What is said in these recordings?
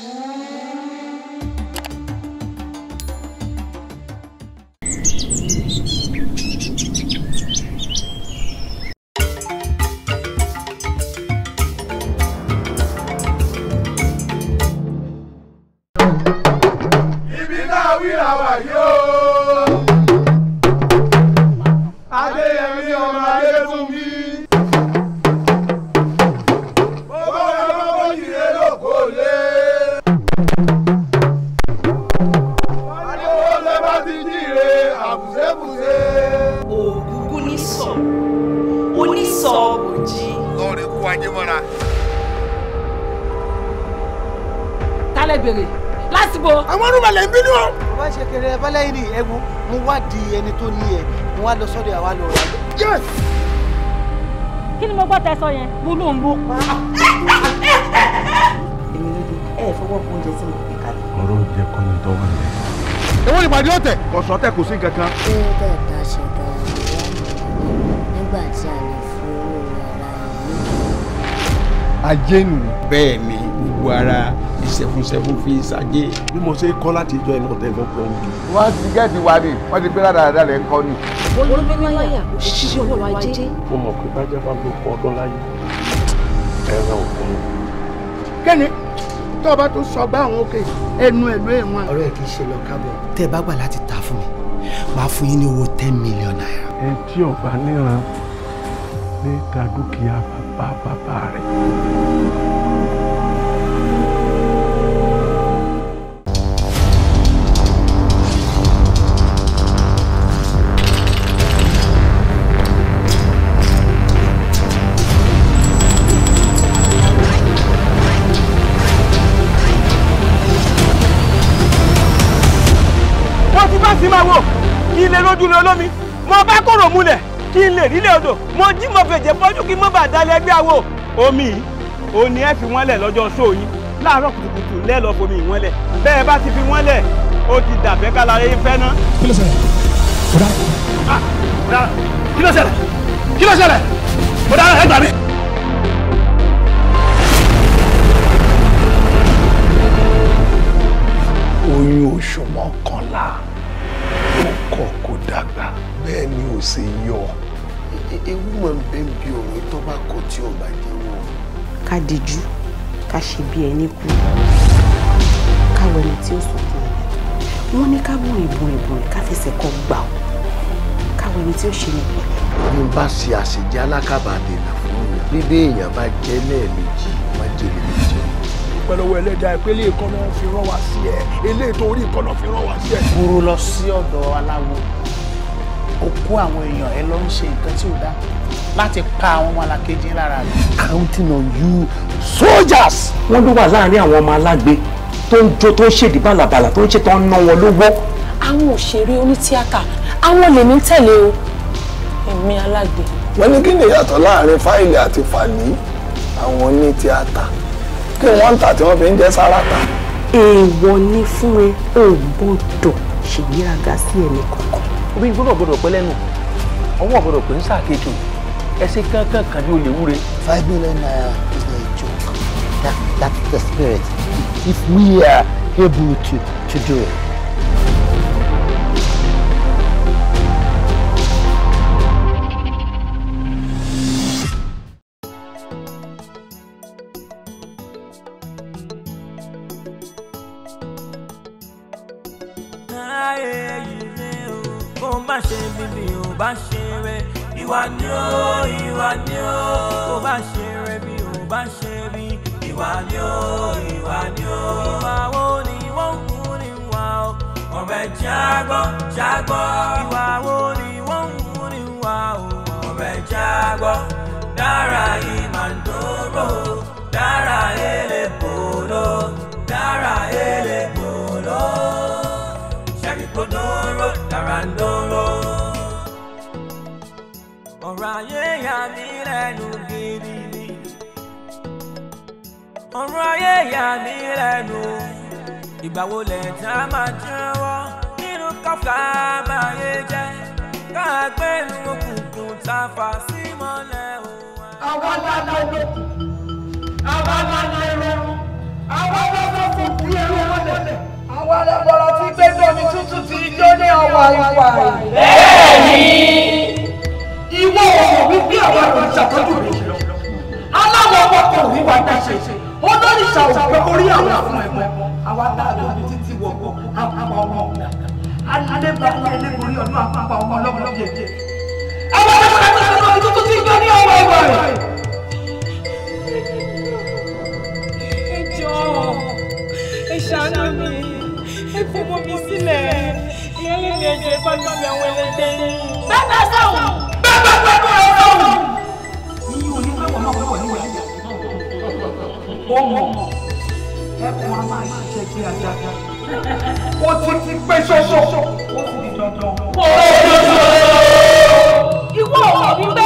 Mm-hmm. tẹ sọ yẹn mo lóun ló pa. èmi ló dé ẹ ẹ fọwọ́ kó oúnjẹ tí mo fi kalẹ̀. ọ̀rọ̀ oúnjẹ kọ́ ni tọ́wọ́ ni. owó ìpàdé ọ̀tẹ̀ ọ̀sán tẹ kò sí nǹkan kan. ṣé ó bẹ̀ bá ṣe gan-an ìyá mi nígbà tí a lè fún owó ara ìlú. ajé nù. bẹ́ẹ̀ ni gbogbo ara ìṣẹ̀fúnṣẹ̀fún fi ṣàjẹ́. bí mo ṣe kọ́ láti ìjọ ẹ̀ náà tẹ̀ lọ́pọ̀ mi. wọ́n ti gẹ́ẹ̀tì wa ni wọ́n ti gbé ládàá olúbẹ́láyà òṣìṣẹ́ ọ̀rọ̀ ajé. mo mọ̀ pé bájá bá ló pọ̀ ọdún láyé ẹ̀rọ òfin. kẹ́ni tó o bá tún sọ bá àwọn òkè ẹnu ẹ̀lú ẹ̀wọ̀n. ọ̀rọ̀ ẹ̀ kì í ṣe lọ kábọ̀. tẹ́ ẹ bá gbà láti ta fún mi máa fún yín ní owó ten million naira. ẹ tí ọba níran ní ta dúkìá bàbá bàbá rẹ. ojú rẹ olómi mo bá kòrò múlẹ̀ kí n lè rílẹ̀ odò mo jí mo fèjè bọ́jú kí mo bà dalẹ̀ ẹgbẹ́ àwo omi yìí òní ẹ fi wọ́n lẹ̀ lọ́jọ́ sóyin láàárọ̀ kùtùkùtù lẹ́ fomi ìwọ́n lẹ̀ bẹ́ẹ̀ bá ti fi wọ́n lẹ̀ ó ti dàbẹ́ kálára yín fẹ́ ná. kí ló ṣẹlẹ̀ ah, kí ló ṣẹlẹ̀ kí ló ṣẹlẹ̀ kí ló ṣẹlẹ̀ kí ló ṣẹlẹ̀ kí ló ṣẹlẹ̀ ni ò ṣe yọ ewu máa ń bẹ́ ń bi ọ̀rọ̀ tó bá kọ tí ò bá jẹ́ wọn. ká dijú ká ṣe bí ẹni ni káwọn ẹni tí ó sọkún rẹ wọn ní ká bùn ìbùn ìbùn ká fẹsẹ̀ kọ gbà ó káwọn ẹni tí ó ṣe nìkan. bí n bá ṣe àṣejẹ alákàbàdé là fún mi bí bí èèyàn bá jẹ lẹ́ẹ̀mejì wọn jèrè méjì. pẹ̀lọ́wọ́ ẹlẹ́dàá ìpínlẹ̀ ìkọ́nà fi rán wa sí ẹ eléètò orí ìkọ́nà fi rán wa sí ẹ. kúrò lọ sí ọ̀dọ̀ aláwo òkú àwọn èèyàn ẹ lọ ń ṣe nǹkan tí ò dá láti pa àwọn ọmọ alákejì lára rẹ. counting on you soldiers. wọ́n ló wà láàrin àwọn ọmọ alágbe tó ń jó tó ń ṣèdí bàlàbàlà tó ń ṣe tó ń ná wọn lówó. àwọn òṣèré onítíátà àwọn lèmi ń tẹ̀lé o èmi alágbe. wọ́n ní kí ni ìyàtọ̀ láàrin fáìlì àti fàní àwọn onítíátà kí wọ́n ń tà tí wọ́n fi ń jẹ́ sáràtà. èèwọ̀ ni fún ẹ ò gbọ́dọ̀ ṣègbéraga sí ẹnì kankan omi gbọ́dọ̀ gbọ́dọ̀ pẹ́ lẹ́nu ọwọ́ gbọ́dọ̀ pé ń sàkéjò ẹsẹ̀ kankan kan bí olè wúre. five million naira is not a joke that that's the spirit if we are able to to do it. ìwà ni ó ìwà ni ó. tó bá ṣe rẹ bí ò bá ṣe rí. ìwà ni ó ìwà ni ó. ìwà wo ni wọ́n ń kú ní wa o. ọ̀rẹ́ jágbọ́ jágbọ́. ìwà wo ni wọ́n ń kú ní wa o. ọ̀rẹ́ jágbọ́ dára ìmàdóró dára elébòló dára elébòló ṣẹ́gi kò dóró dára ń dóró ọ̀rọ̀ ayé yà mí lẹ́nu gidi ni ọ̀rọ̀ ayé yà mí lẹ́nu ìgbà wo lẹ̀ tá a máa jẹ́wọ́ nínú kọ́fà àbáyé jẹ́ ká gbẹ́nu òkùnkùn tá a fà sí mọ́lẹ̀ òun. àwa lánà olókùnkùn àwa lánà ìrọ̀rùn àwa lánà òkùnkùn ẹ̀rọ mọ́lẹ̀ àwọn ẹlẹ́bọ̀rọ̀ tí gbẹ́gbẹ́ omi tútù ti jó ní ọwọ́ àìwá. bẹ́ẹ̀ ni ìwọ ọ̀rọ̀ wípé àwọn àgbàjà tọ́jú mi aláwọ̀ ọkọ̀ kò wà dáṣe olórí ìṣàwọ̀ orí àwọn àfún ẹ̀mọ́ àwa dáàbò ní títí wọ̀ kó apá ọmọ ọ̀gá alẹ́gbàá ní ẹlẹ́gbòrí ọdún apá ọmọ ọlọ́mọ kéèké àwọn ọmọ ọmọ tuntun ti gbé ní ọwọ́ ìwà rẹ̀. ẹ ẹ ṣàánú mi ẹ fọwọ́ mi sílẹ̀ ìyẹn lè ní ẹjọ́ ìbájú mi àwọn ẹlẹ́gbẹ́ yìí. bẹ́ẹ̀ bá sáwọn. ọmọ wíwọ ní wẹ̀ ẹ̀yà ó mọ̀ ẹkùn a máa ṣiṣẹ́ kí ajá ó ti ti pé ṣoṣo ó sì di dandan. ó ṣoṣo. ìwọ ọ̀rọ̀ mi pé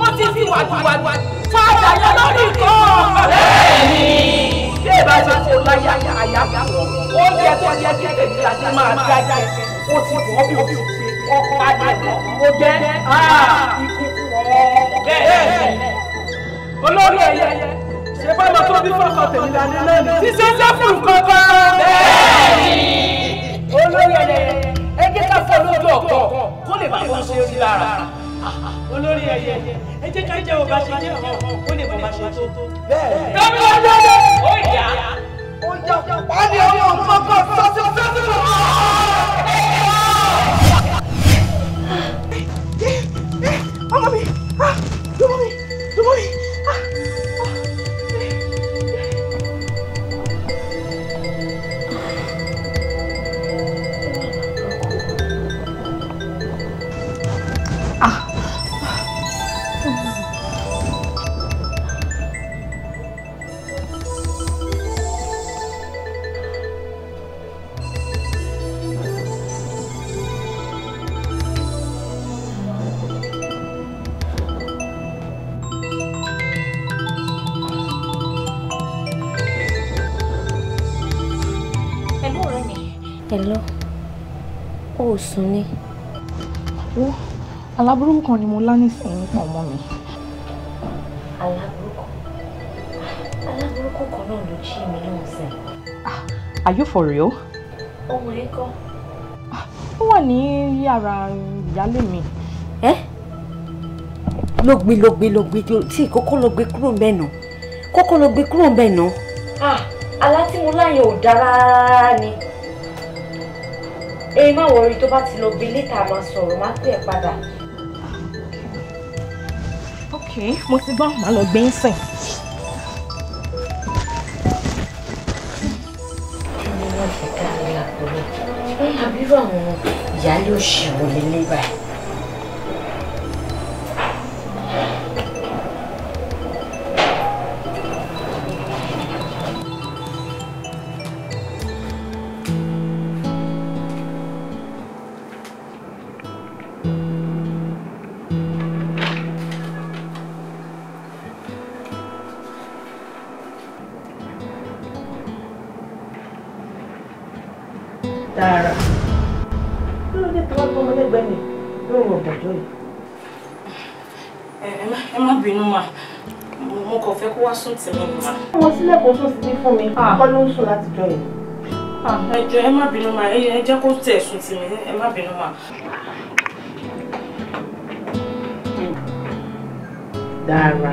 wọ́n ti fi wàdùwàdù ká àjàyà lórí kan. bẹ́ẹ̀ni. bí ẹ bá ṣe kó láyà àyà ó yẹ tó yẹ kí èmi àti máa dájà ẹ̀fẹ̀ ó ti wọ́n bí òbí òbí ọkọ̀ àjọ ó jẹ́ ikú ọ̀ bẹ́ẹ̀ olórí ẹ̀yẹ ṣe bá ọmọ tó bí tèmi lálẹ́ náà ni. ṣíṣe ń lẹ́kùn kankan. bẹ́ẹ̀ni. olórí ẹ̀yẹ ẹ jẹ́ ká fọ́ lójú ọ̀kọ́ kó lè bá wọn ṣe orí lára. olórí ẹ̀yẹ ẹ jẹ́ ká jẹ́ ọba ṣe jẹ́ ọ̀hún kó lè bá ṣe tó. bẹ́ẹ̀ni. lọ́dún ọjọ́ ó yà. ó yà wá ọmọ ọmọ kan sọ́sọ́ sọ́sọ́ sùn ni. ó aláburúkú kan ni mo lá nísìnyí nípa ọmọ mi. aláburúkú aláburúkú kan náà ló jí mi lóhùn sí. Ah, are you for real? ohun rẹ̀ kọ́. Ah, ó wà ní yàrá ìyálé mi. ẹ́ ló gbé ló gbé ló gbé tí ìkókó ló gbé kúrò ń bẹ̀ nà kókó ló gbé kúrò ń bẹ̀ nà. alá tí mo ò dára rárá ni ẹ má wọrí tó bá ti lọ gbé létà máa sọ̀rọ̀ má pè padà. ok mo ti gbọ́ màá lọ gbé ń sìn. àbí irú àwọn ìyáálé òṣèlú lélẹ́ báyìí. lọ́rọ̀ bọ̀dọ̀ yìí. ẹ má bínú mà mo kàn fẹ́ kó wá sùn tì mí mà. mo sílẹ̀ kó sùn sí fún mi kọ́ ló ń sùn láti jọ yìí. ẹ ẹ má bínú mà ẹ jẹ́ kó tẹ̀ sùn tì mí ẹ má bínú mà. dára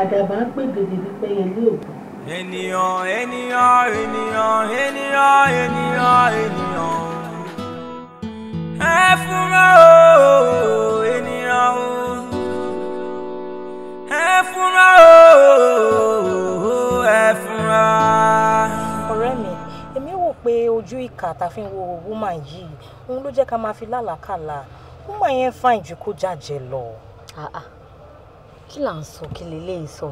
àdàbà ń pè gèdè wípé ilé òkú. ènìyàn ènìyàn ènìyàn ènìyàn ènìyàn fún mọ́ o ènìyàn o ẹ fún mọ́ o ẹ fún mọ́. ọ̀rẹ́ mi èmi wò pé ojú ìkà tá a fi ń wo woman yìí òun ló jẹ́ ká máa fi lálàkàlà woman yẹn fàìn jù kó jàjẹ́ lọ. kí là ń sọ kí leléyìí sọ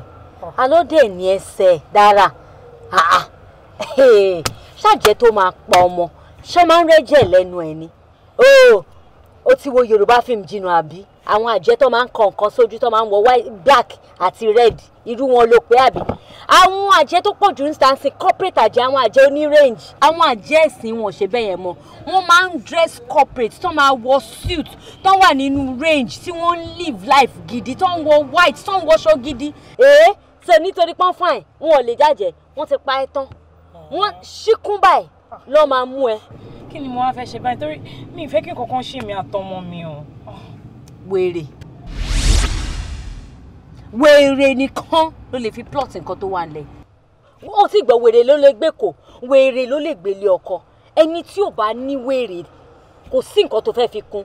alóde ní ẹsẹ̀ dára ṣàjẹ́ tó máa pa ọmọ ṣé máa ń rẹ́jẹ̀ lẹ́nu ẹ̀ ni. Oh ó ti wo yorùbá fíìmù jìnnà àbí àwọn àjẹ́ tó máa ń kọ nǹkan sójú tó máa ń wọ white black àti red irú wọn ló pé àbí àwọn àjẹ́ tó pọ̀ jù ń stansi corporate àjẹ́ àwọn àjẹ́ oní range àwọn àjẹ́ ẹ̀sìn wọn ṣe bẹ́ẹ̀ yẹn mọ́ wọ́n máa ń dress corporate tó máa wọ suit tó wà nínú range tí wọ́n ń live life gidi tó ń wọ white tó ń wọṣọ gidi èé ṣe nítorí pọ́n fún ẹ̀ wọn ò lè jàjẹ́ wọ́n ti pa ẹ́ tán wọ́n ṣíkún báyìí lọ́ọ́ máa mú ẹ kí ni mo wá fẹ́ ṣe báyìí torí mi ì fẹ́ kí kankan ṣe mi àtọmọ mi o. wèrè wèrè nìkan ló lè fi plot nǹkan tó wà lẹ̀ ó ti gbọ́ wèrè ló lè gbé kò wèrè ló lè gbélé ọkọ ẹni tí ò bá ní wèrè kò sí nǹkan tó fẹ́ fi kún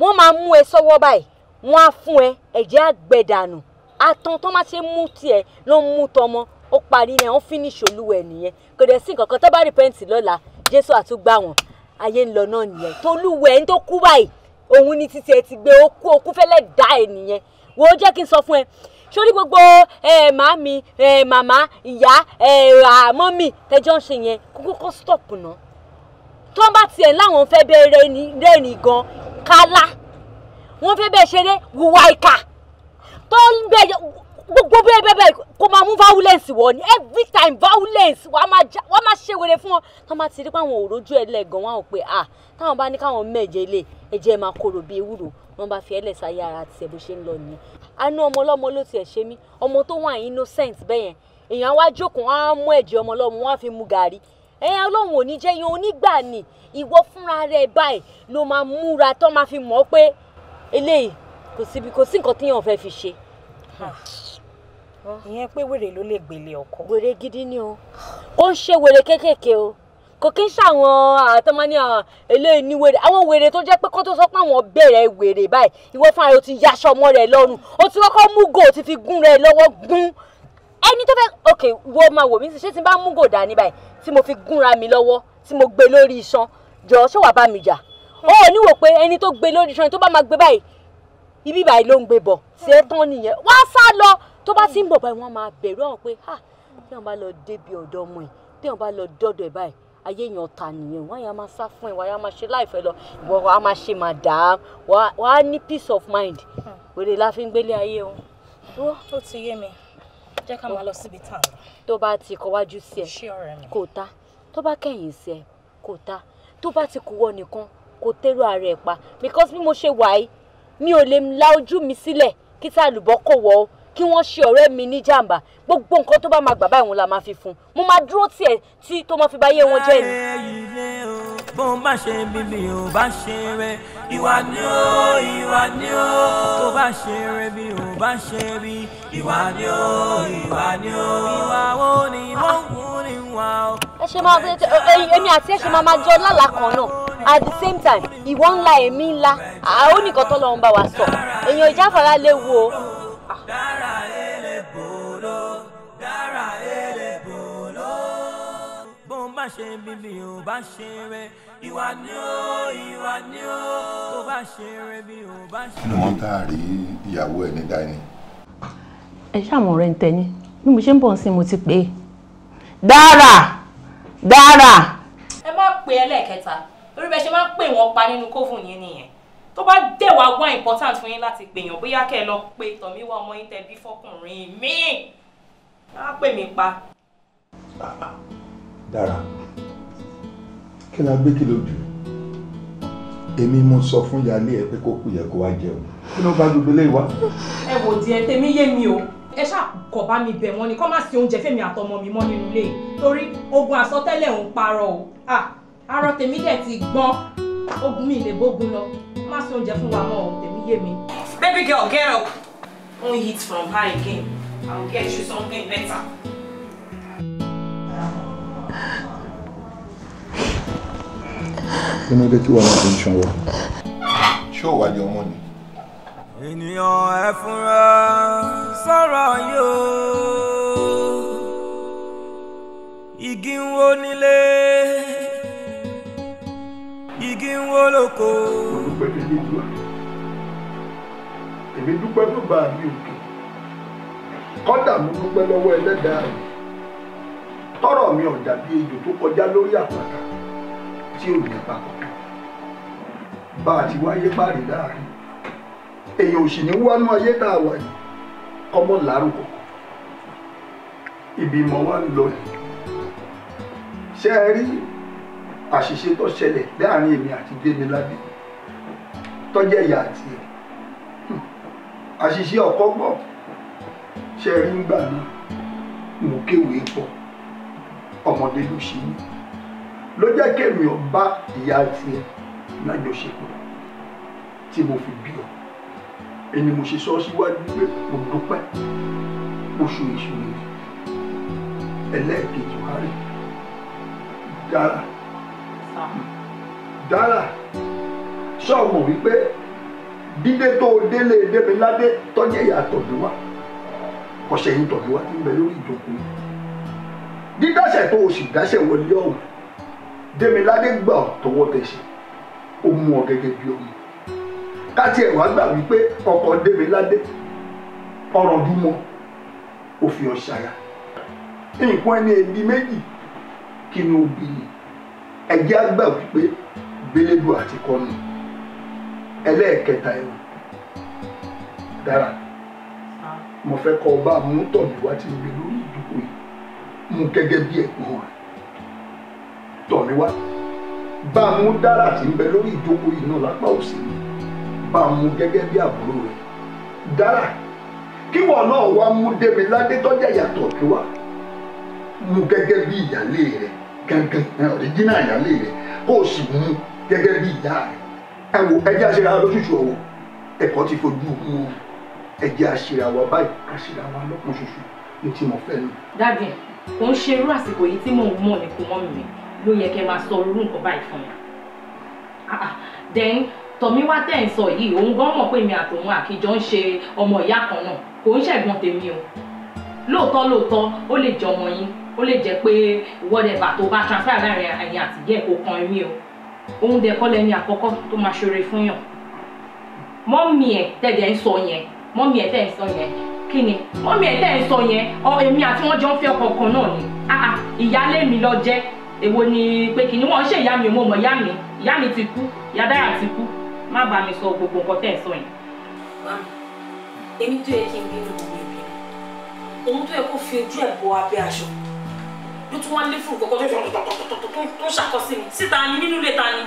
wọ́n máa mú ẹ sọ́wọ́ báyìí wọ́n á fún ẹ ẹ̀jẹ̀ àgbẹ̀dànù àtọ̀ tó má ṣe mú tiẹ̀ ló ń mú tọmọ ó parí ẹ̀ ń finish olúwẹ̀ nìyẹn kò dẹ̀ sí nǹkan kan tó bá repent lọ́la jésù àtúgbà wọn ayé ń lọ náà nìyẹn tolúwẹ̀ ń tó kú báyìí òun ni títí ẹ ti gbé okú okú fẹ́lẹ́ dá ẹ nìyẹn wò ó jẹ́ kí n sọ fún ẹ sórí gbogbo ẹ màámi ẹ màmá ìyá ẹ àmọ́mì tẹjọ́ ń ṣe yẹn kókó kó stop ná tó bá tiẹ̀ láwọn fẹ́ bẹ́ẹ̀ rẹ́ni gan kálá wọ́n fẹ́ bẹ́ẹ̀ ṣeré wùwà ìkà tó ń bẹ́ẹ̀ gbogbo bẹ́ẹ̀ bẹ́ẹ̀ bẹ́ẹ̀ kó máa mú violence wọ ni every time violence wàá máa ṣe wèrè fún wọn tá máa ti rí pé àwọn òrojú ẹ lẹ́gàn wọn ò pé à ah, táwọn bá ní káwọn mẹ́jẹ lé ẹ̀jẹ̀ máa korò bíi ewúro wọn bá fi ẹlẹ́sà ayé ara tiẹ̀ bó ṣe ń lọ nìyẹn àánú ọmọ ọlọ́mọ ló tiẹ̀ ṣe mí ọmọ tó wà innocent bẹ́yẹn èèyàn wá jókòó wọn á mú ẹ̀jẹ̀ ọmọ ọlọ́mọ wọn á fi mu gàrí ẹ̀yìn ọlọ́run ò ní jẹ́ yan onígbà ni ìwọ fúnra rẹ báyìí ló máa múra tó máa fi mọ̀ pé eléyìí kò sí nǹkan tí yàn fẹ́ fi ṣe. Oh. ìyẹn pé wèrè ló lè gbélé ọkọ. wèrè gidi ni o ó ń ṣe wèrè kéékèèké o kò kí ń ṣàwọn àtọ́mọ́ní eléyìí ní wèrè àwọn wèrè tó jẹ́ pé kó tó sọ pé àwọn bẹ̀rẹ̀ wèrè báyìí ìwọ fúnra rẹ o ti yaṣọ ọmọ rẹ lọ́rùn o ti kọ́kọ́ mú gò o ti fi gún rẹ lọ́wọ́ gún ẹni tó fẹ́ ok wo máa wò mí ṣé tí n bá mú gò dání báyìí tí mo fi gúnra mi lọ́wọ́ tí mo gbé lórí iṣan jọ ṣé wàá bá mi jà hmm. ó ní pé ẹni tó gbé lórí iṣan tó bá máa gbé báyìí ibi báyìí ló ń gbé bọ̀ ṣé tán nìyẹn wá sá lọ tó bá mm. ti ń bọ̀ báyìí wọ́n máa bẹ̀rù ọ̀hún pé ha ah, tí wọ́n bá lọ débi ọ̀dọ̀ ọmọ ẹ̀ tí wọ́n bá lọ dọ́dọ̀ ẹ̀ báyìí ayé èèyàn ta nìyẹn wọ́n yà máa sá fún ẹ̀ wọ́n yà máa ṣe láìfẹ́ lọ wọ́n á máa ṣe máa dà á wọ́n á ní peace of mind hmm. òde la fi ń gbélé ayé o. wọ́n tó ti yé mi jẹ́ ká máa lọ síbi tá a lọ. tó bá ti kọwájú sí ẹ kò ta tó bá kẹ̀yìn sí ẹ kò ta tó bá ti kúwọ́ nìkan kò tẹ́rù ara pa because bí mo ṣe wà yìí mi ò lè la ojú mi sílẹ̀ kí tá àlùbọ́ kò wọ́ o kí wọ́n ṣe ọ̀rẹ́ mi ní jàǹbá gbogbo nǹkan tó bá máa gbà báyìí òun la máa fi fún un mo máa dúró tiẹ̀ tí tó máa fi báyé wọn jẹ́ ni. bó ń bá ṣe bíbí ò bá ṣe rẹ ìwà ni ó ìwà ni ó tó bá ṣe rẹ bí ò bá ṣe rí ìwà ni ó ìwà ni ó ìwà wo ni wọ́n kú ni wà ó. ẹ ṣe máa èmi àti ẹ ṣe máa máa jọ lálàkàn náà at the same time ìwọ ńlá èmi ńlá àwọn oníkan tó lọ́wọ́ ń bá wa sọ èèyàn ìjáfara léwu o dára ele bolo dára ele bolo. bó ń bá ṣe bíbí ò bá ṣe rẹ ìwà ni ó ìwà ni ó bó bá ṣe rẹ bí ò bá ṣe. inú wọn tá a rí ìyàwó ẹ ní dání. ẹ ṣàmọ̀ ọ̀rẹ́ ń tẹ́yìn bí mo ṣe ń bọ̀ sí mo ti pè é dára dára. ẹ má pè é lẹ́ẹ̀kẹta orí bẹ́ẹ̀ ṣe máa ń pè wọ́n pa nínú kófù yín nìyẹn tó bá dẹ̀ wá wá important fún yín láti pèèyàn bóyá kẹ́ ẹ lọ pé tọ̀míwá ọmọ yín tẹ bí fọkùnrin míì á pè mí pa. dára kí la gbé kí ló jù èmi mo sọ fún yálé ẹ pé kó kù yẹ kó wá jẹun kí ló bá gbogbo lè wá. ẹ wò díẹ̀ tèmi yé mi o ẹ ṣàkọ bá mi bẹ̀ wọ́n ni kọ́ má sí oúnjẹ fẹ́mi àtọmọ mi mọ́ nínú ilé torí ogun àsọtẹ́lẹ̀ ń parọ́ o àárọ̀ tèmi dẹ̀ ti gbọ́n ogun mi lè bógun lọ má ṣe oúnjẹ fún wa mọ́ tèmi yé mi. baby girl get up won't eat from high again i will get you something better. kí ló dé tí wọn náà fi ń sanwó. ṣé ò wá di ọmọ ni. ènìyàn ẹ fúnra sọ̀rọ̀ yóò igi ń wó nílé. igi ń wó lóko. mo èmi dúpẹ́ tó bá mi òkè kọ́dà mo dúpẹ́ lọ́wọ́ ẹlẹ́dàá rẹ̀ tọrọ mi ò dàbí ejò tó kọjá lórí àpáta tí ò ní bá a ti wáyé páàrí láàrin èèyàn ò sì ní wánú ayé tá a wà yìí ọmọ ibi wa ń lọ yìí ṣé àṣìṣe tó ṣẹlẹ̀ láàrin èmi àti Gbémilábí tọ́jẹ́ ìyá àti ẹ̀ hmm. àṣìṣe ọ̀pọ̀ pọ̀ ṣe rí ń gbà náà mo kéwèé pọ̀ ọmọdé ló ṣe mí ló jẹ́ kémi ò bá ìyá àti ẹ̀ lájọṣepọ̀ tí mo fi bí ọ ẹni mo ṣe sọ síwájú pé mo dúpẹ́ mo ṣe ẹlẹ́ẹ̀kejì wá rí dára dára ṣọ́ọ̀mù wípé dídé tó délé Démiládé tọ́jú ìyá tọ̀dú wa kọ̀ṣẹ́ yìí tọ̀dú wa ti ń bẹ lórí ìjókòó dídáṣẹ̀ tó o sì dáṣẹ̀ wọlé ọ̀hún Démiládé gbà ọ́ tọwọ́ tẹsẹ̀ ó mú ọ gẹ́gẹ́ bí ọmọ káti ẹ̀ wá gbà wípé ọkọ Démiládé ọ̀rọ̀ dúmọ́ ó fi nǹkan ẹni ẹbí méjì kí ni ó bí ni ẹjẹ́ àgbà wípé gbélébù àti kọ́nù ẹlẹ́ẹ̀kẹta ẹ̀rọ dára mo fẹ́ kọ́ ọba àmútọ̀bí wá ti gbé lórí ìdúkù yìí mú gẹ́gẹ́ bí ẹ̀gbọ́n rẹ̀ tọ̀ mí wá bá a mú dára tí ń bẹ lórí ìdúkù yìí náà lápá òsì mi bá mú gẹ́gẹ́ bí àbúrò rẹ̀ dára kí wọn náà wá mú débi ládé tọ́jà yàtọ̀ kí wá mú gẹ́gẹ́ bí ìyálé rẹ̀ gangan ọ̀ríjínà ìyáálé rẹ̀ kó o sì mú gẹ́gẹ́ bí ìyá rẹ̀ ẹ wo ẹ jẹ́ àṣírà lóṣooṣù ọ̀wọ́ ẹ̀kọ́ ti fojú mu ẹ jẹ́ àṣírà wa báyìí àṣírà wa lọ́kàn ṣoṣo ní tí mo fẹ́ nù. dádì kò ń ṣe irú àsìkò yìí tí mò ń mọ̀ ní kò mọ́ mi ló yẹ kẹ́ máa sọ irú nǹkan báyìí fún mi. Ah, ah, then tọ̀míwá tẹ̀ ń sọ yìí òun gan mọ̀ pé mi àtòun àkìjọ ń ṣe ọmọ ìyá kan náà kò ń ṣẹ̀gbọ́n tèmi o lóòótọ́ lóòótọ́ ó lè jọmọ yín ó lè jẹ́ pé whatever tó bá transfer láàrin ẹ̀yìn àtìyẹ́ kò kan ẹ̀mí o òun dẹ̀ kọ́ lẹ́ni àkọ́kọ́ tó máa ṣoore fún yàn mọ́mì ẹ̀ tẹ̀dẹ̀ ń sọ yẹn mọ́mì ẹ̀ tẹ̀ ń sọ yẹn kí ni mọ́mì ẹ̀ tẹ̀ ń sọ yẹn ọ èmi àti wọ́n jọ ń fẹ́ ọkọ̀ kan náà ni ah, ah, ìyálé mi ló jẹ́ èwo ni pé kí ni wọ́n ṣe ìyá mi ò mọ̀ mọ̀ ìyá mi ìyá mi ti kú ìyá dára ti kú má bàa mi sọ gbogbo nǹkan tẹ̀ ń sọ yẹn. èmi tó yẹ kí n bínú òun tó yẹ kó fi ojú ẹ̀ bọ abẹ́ aṣọ ló tún wá lé fún kọ̀ọ̀kan tó ṣàkọsí mi síta ni nínú ilé ta ni.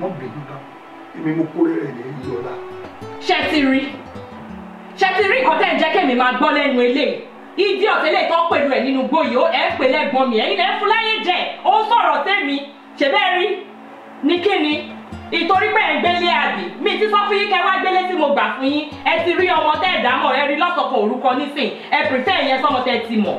wọ́n bẹ̀rù náà èmi mo kó rẹ̀ lè rí ọ̀la. ṣé ti rí ṣé ti rí nǹkan tẹ́ ń jẹ́ kẹ́mi máa gbọ́ lẹ́nu eléyìí ìdí ọ̀tẹ́lẹ̀ tó pẹ̀lú ẹ̀ nínú gbòòyò ẹ̀ ń pè lẹ́gbọ́n mi ẹ̀yin lẹ́ fún láyé jẹ́ ó sọ̀rọ̀ tẹ́mi ṣẹ̀bẹ́ rí ní kíni ìtorí pé ẹ̀ ń gbélé àbí mi ti sọ fún yín kẹ́ wá gbélé tí mo gbà fún yín ẹ ti rí ọmọ tẹ́ ẹ̀ dámọ̀ ẹ rí lọ́sọ̀kan orúkọ nísìn ẹ pìrìfẹ́ ìyẹn sọmọ tẹ́ ti mọ̀.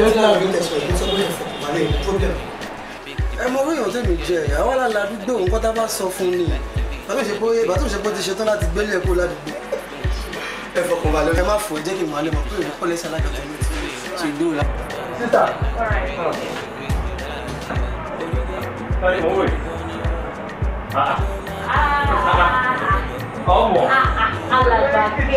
ẹ mọ orí èèyàn tèmi jẹ àwọn alàlà àdúgbò nǹkan bá sọ fún ni bàtò ìṣepọ bàtò ìṣepọ ti ṣetán láti gbélé ẹ̀kọ́ ládùúgbò ẹ fọkàn balẹ̀ ẹ má fò jẹ́ kí n máa lè mọ̀ pé òun kọ́ lẹ́sẹ̀ alágbàtà mi ti gbó la. sísà ọmọ alàgbà pé.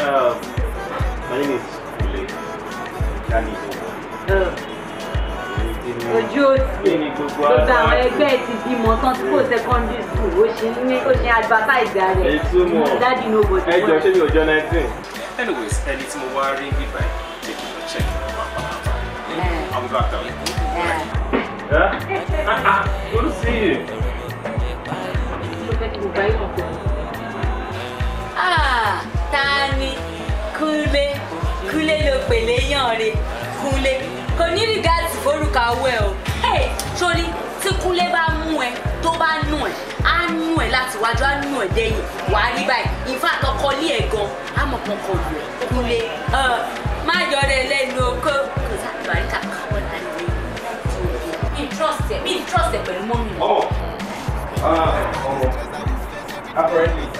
my name is Kule Kali ojú òtí gbogbo àwọn ẹgbẹ́ ti bímọ tán tí kò secondary school ó ṣe ní ó ṣe advertise rẹ̀ dáàdi ní òbò tí wọ́n. ẹ jọ ṣé mi ò jọ nineteen. anyways ẹni tí mo wá rí bíbá ẹ lè kí lọ check pàápàá àwọn bá ta ọ̀lẹ́ kò ó sí i. ló fẹ́ kí mo bá yín kọ̀ọ̀kan tani kúnlé kúnlé ló pè léyàn rẹ̀ kúnlé kò ní rìgáàtì forúkọ awọ ẹ o sórí tí kúnlé bá mú ẹ tó bá nù ẹ á nù ẹ láti wájú á nù ẹ dẹ́yìn wàá rí báyìí ìfà tọkọ ní ẹ gan á mọ kankan lù ẹ kúnlé má yọ rẹ lẹ́nu oko kò sàbàríkà káwọn náà lè mi trust ẹ mi trust ẹ pẹ̀lú mọ́mí. ọmọ ah, ọmọ apparently.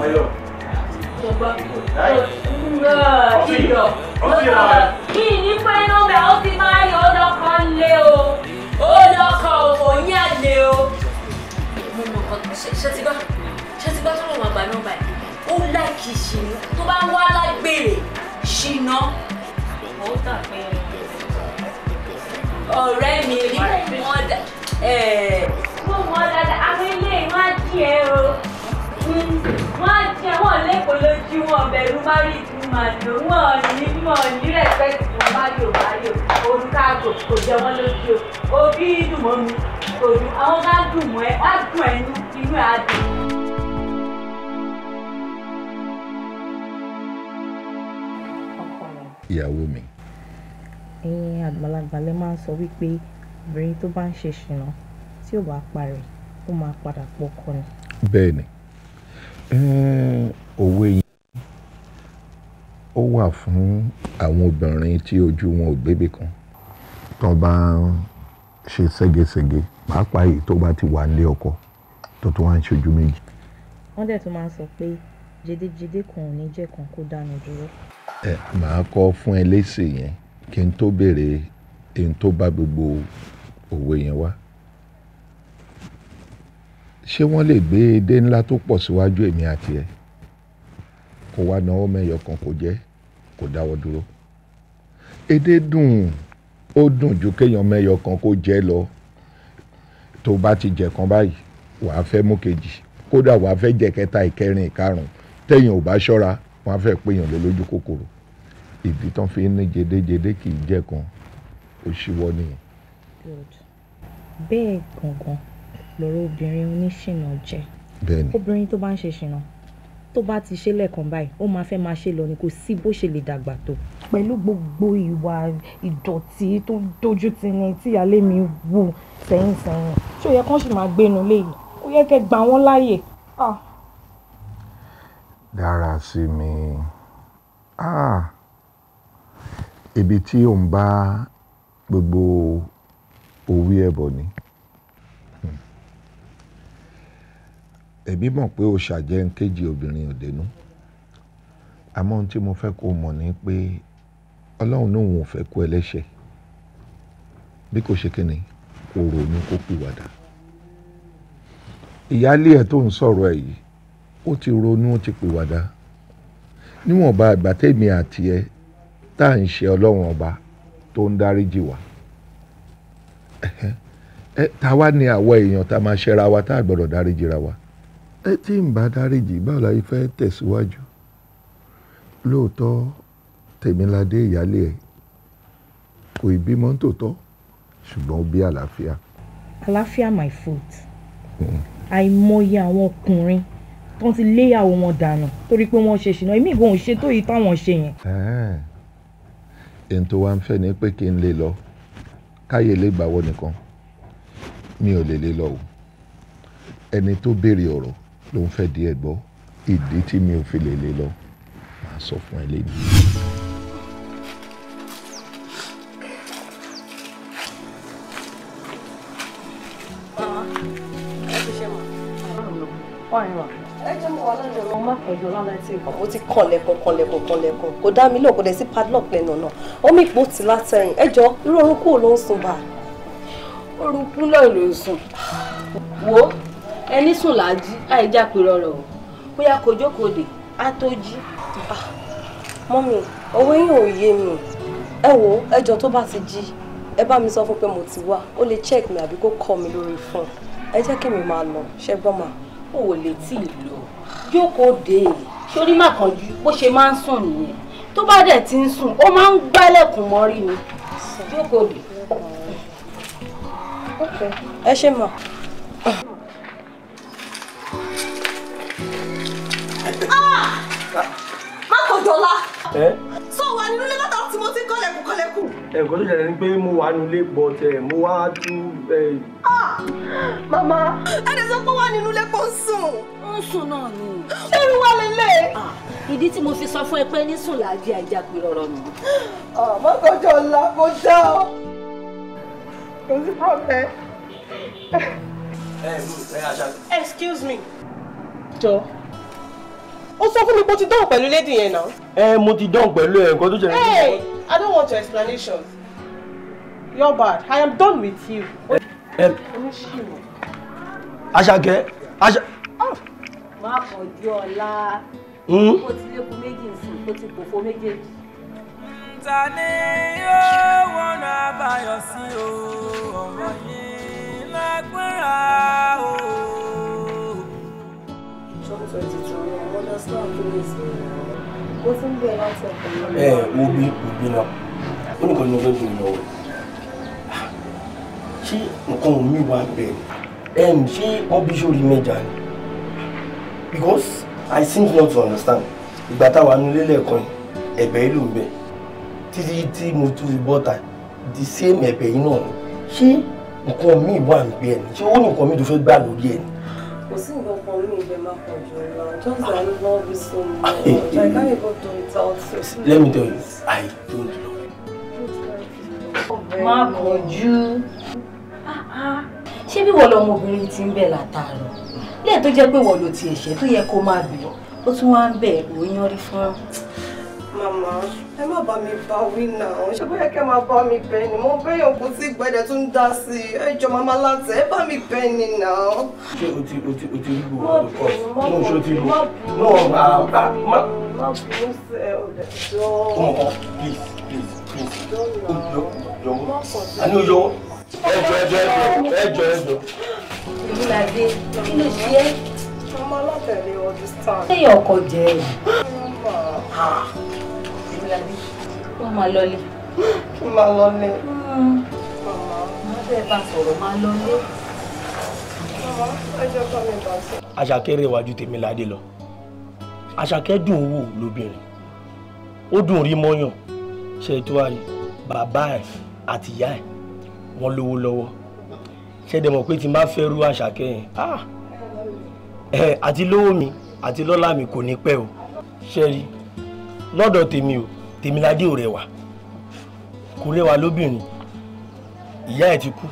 Milo. Kí ni pé nọ́mbà ó ti máa yọ ọlọ́kọ̀ lé o, ọlọ́kọ̀ òwò yẹn lé o. Mo mọ̀ kan ṣe ti gbọ́, ṣe ti gbọ́ tó lòun àgbà nọ́mbà yìí, ó láìkì ṣìnà tó bá ń wá lágbèrè ṣìnà. Ó dà pé ọ̀rẹ́ mi rí wọ́n dà ẹ̀ẹ́. Mo mọ̀ dáadáa, àwọn ilé ìwádìí ẹ̀ o wọ́n á jẹ́ wọ́n lẹ́kọ̀ọ́ lójú wọn bẹ̀rù mari ìtumàdùn wọn ní wọn ní rẹ̀pẹ́tì wọn bá yóò bá yóò orúkọ àgò kò jẹ wọn lójú o òbí dùnmọ́ mi kò dùn àwọn bá dùn mọ́ ẹ á dùn ẹnu inú ẹ á dùn. ìyàwó mi. ẹ̀yin àgbàlagbà lẹ máa sọ wípé obìnrin tó bá ń ṣe ṣìnà tí ò bá parẹ́ ó máa padà pọ̀ ni. bẹ́ẹ̀ Òwe yìí ó wà fún àwọn obìnrin tí ojú wọn ò gbébì kan. Tọ́ bá ń ṣe ségesège, pàápàá èyí tó bá ti wà nílé ọkọ tó tún wá ń ṣojú méjì. Wọ́n dẹ̀ tún máa ń sọ pé jedejede kan ò ní jẹ́ kan kó dánu dúró. Ẹ̀ máa kọ́ fún ẹ léṣe yẹn kí n tó bèèrè ohun tó bá gbogbo òwe yẹn wá ṣé wọ́n lè gbé edé ńlá tó pọ̀ síwájú èmi àti ẹ̀ kó wá náwó mẹ́yọ kan kó jẹ́ kó dáwọ́ dúró edé dùn ó dùn ju kéèyàn mẹ́yọ kan kó jẹ́ lọ tó bá ti jẹ kan báyìí wàá fẹ́ mú kejì kódà wàá fẹ́ jẹ kẹta ìkẹrin ìkarùn tẹ̀yìn ò bá ṣọ́ra wọ́n á fẹ́ péyàn lé lójú kòkòrò ìdí tán fi ń ní jedejede kì í jẹ́ kan ó ṣíwọ́ nìyẹn. bẹ́ẹ̀ gangan lọ́rọ̀ obìnrin oníṣìnà jẹ́. bẹ́ẹ̀ni obìnrin tó bá ń ṣe ṣìnà tó bá ti ṣe lẹ́ẹ̀kan báyìí ó máa fẹ́ máa ṣe lọ ni kò sí bó ṣe lè dàgbà tó. pẹ̀lú gbogbo ìwà ìdọ̀tí tó dojú ti ní tí ìyáálé mi wù sẹ́yìn sẹ́yìn ṣé ó yẹ kán sì máa gbénu léyìí ó yẹ kẹ́ gbà wọ́n láàyè. Ah. dára sí mi ah. ibi tí ò ń bá gbogbo òwe ẹ̀bọ̀ ni. ẹ̀bí mọ̀ pé o ṣàjẹ́ ń kéjì obìnrin òdenu àmọ́ ohun tí mo fẹ́ kó mọ̀ ni pé ọlọ́run náà òun ò fẹ́ kó ẹlẹ́ṣẹ̀ bí kò ṣe kíni kó ronú kó pìwàdà ìyáálé ẹ̀ tó ń sọ̀rọ̀ ẹ̀ yìí ó ti ronú ó ti pìwàdà níwọ̀nba ìgbà àti ẹ tá à ń ṣe ọlọ́run ọba tó ń dáríjì wá ẹ ta wá ní àwọ èèyàn tá a máa ṣẹra wa tá a gbọ́dọ̀ dáríjì ra wa ẹ tí ń bá dáríjì báwo la fẹ́ tẹ̀síwájú lóòótọ́ tèmiládé ìyálé ẹ̀ kò ì bímọ ń tòótọ́ ṣùgbọ́n ó bí àlàáfíà. àlàáfíà my foot hmm. àìmọye àwọn ọkùnrin tó ti léyàwó wọn dànù torí pé wọ́n ṣe ṣìnà èmi ìgbóhùn ṣe tó yìí táwọn ṣe yẹn. ẹ̀ǹ tó wá ń fẹ́ ni pé kí n lè lọ káyé lè gbàwọ́ nìkan mi ò lè lè lọ o ẹni tó béèrè ọ̀rọ̀ ló ń fẹ́ di ẹ̀ gbọ́ ìdí tí mi ò fi lè lè lọ màá sọ fún ẹ lẹ́nu. mo ti kànlẹ̀kùn kànlẹ̀kùn kànlẹ̀kùn kò dá mi lóò kò dẹ̀ sí padlock lẹ́nu náà ó mi pò tí látẹ̀yìn ẹjọ́ irú orúnkún ló ń sùn bá. orúnkún náà ló ń sùn. wo ẹni sùn láàjí àìjà pé rọrọ o bóyá kò jókòó dè á tó jí. mọ́mí owó yín ò yé mi ẹ wo ẹjọ́ tó bá ti jí ẹ bá mi sọ fún pé mo ti wá ó lè check mi àbí kó call mi lórí phone ẹ jẹ́ kí mi máa lọ ṣẹ́ gbọ́n mà. o ò lè tí ì lọ jókòó dè sórí má kánjú bó ṣe máa ń sùn nìyẹn tó bá dẹ̀ ti ń sùn ó máa ń gbálẹ̀kùn mọ́rí ni jókòó dè. ẹ ṣe mọ̀. Mákọ̀dọ́lá. Ẹ. Sọ wà nínú ilé látàrí tí mo ti kọ́lẹ̀kùn kọ́lẹ̀kùn. Ẹ̀kọ́ tó ṣẹlẹ̀ ni pé mo wà nínú ilé bọ̀ tẹ̀ mo wá tú. Ah! Màmá. Ẹni sọ pé wà nínú ilé kó ń sùn. Ń sùn náà ni. Ẹrù wà lélẹ̀. Ah, ìdí tí mo fi sọ fún ẹ pé nísùn làájẹ àjàpè rọrọ nù. Ah, Mákọ̀dọ́lá mo dá ọ. Kò sí problem. Excuse me. Jọ o sọ fún mi pé o ti dán pẹ̀lú lady yẹn náà. ẹ mo ti dán pẹ̀lú ẹ̀ nǹkan tó ṣẹlẹ̀. hey i don't want your explanations you're bad i am done with you. ẹ aṣàkẹ́ aṣa. Ah! má kọjú ọ̀la kó hmm? ti lékun méjì nsìn kó ti kòfó méjèèjì. ta ni yóò wọnà àbáyọ sí o ọ̀rọ̀ yìí lágbára o ẹ wo bí òbí náà ó nìkan ní ọgbẹ́ ìgbìmọ̀ o ṣé nǹkan omi wà bẹ́ẹ̀ ṣé wọ́n bí mẹ́jà ni because I seem not to understand ìgbà táwa nílé lẹ́ẹ̀kan ẹ̀bẹ̀ ìlú ń bẹ títí tí mo tún fi bọ́ta the same ẹ̀bẹ̀ yìí náà ṣé nǹkan mi wà bẹ́ẹ̀ ni ṣé ó ní nǹkan mi tó fẹ́ gbà lórí ẹ̀ ni just love you so much ah, I eh, eh. can't even do without you. let me tell you I don't love you. má bọ̀jú ṣé bí wọ́n lọmọbìnrin ti ń bẹ̀ látàárọ̀ lẹ́ẹ̀ tó jẹ́ pé wọ́n ló ti ẹ̀ṣẹ̀ tó yẹ kó máa bẹ̀ ó tún wá ń bẹ̀ òun yánrí fún màmá ẹ má bá mi bá wí náà ṣé bóyá kẹ́ máa bá mi bẹ́ẹ̀ ni mo bẹ́ẹ̀ yàn kó tí gbẹ́dẹ̀ tún dá sí i ẹ jọ màmá láti ẹ bá mi bẹ́ẹ̀ ni náà. ṣé o ti o ti o ti rí gbogbo ọkọ mo ṣe o ti rí mo ma ma ma. má bínú sí ẹ ọ̀dẹ̀ jọ. ọmọ kan please please please o jọ jọ mo àní o yọ ẹjọ ẹjọ ẹjọ ẹjọ ẹjọ. ìlàdé kí ló ṣe é. ọmọ alátẹ̀lé ọdún sáà. ṣé ọkọ̀ jẹ́ ẹ̀? lọ́lẹ̀ àbí. wọ́n máa lọ́lẹ̀. kí n máa lọ́lẹ̀. Hmm. mọ́tẹ́ bá sọ̀rọ̀ máa lọ́lẹ̀. Àṣàkẹ́ rẹ̀ wájú tèmi ládé lọ. Àṣàkẹ́ dùn wò lóbìnrin. Ó dùn rí mọ́yàn. Ṣé ètò àrí bàbá ẹ̀ àti ìyá ẹ̀ wọ́n lówó lọ́wọ́. Ṣé ẹ mọ̀ pé tí n bá fẹ́ rú Àṣàkẹ́ yẹn? Ah! àti lówó mi àti lọ́lá mi kò ní pẹ́ o. Ṣé lọ́dọ̀ tèmi o. Tèmiládé ò rẹwà kò rẹwà lóbìnrin ìyá ẹ̀ ti kú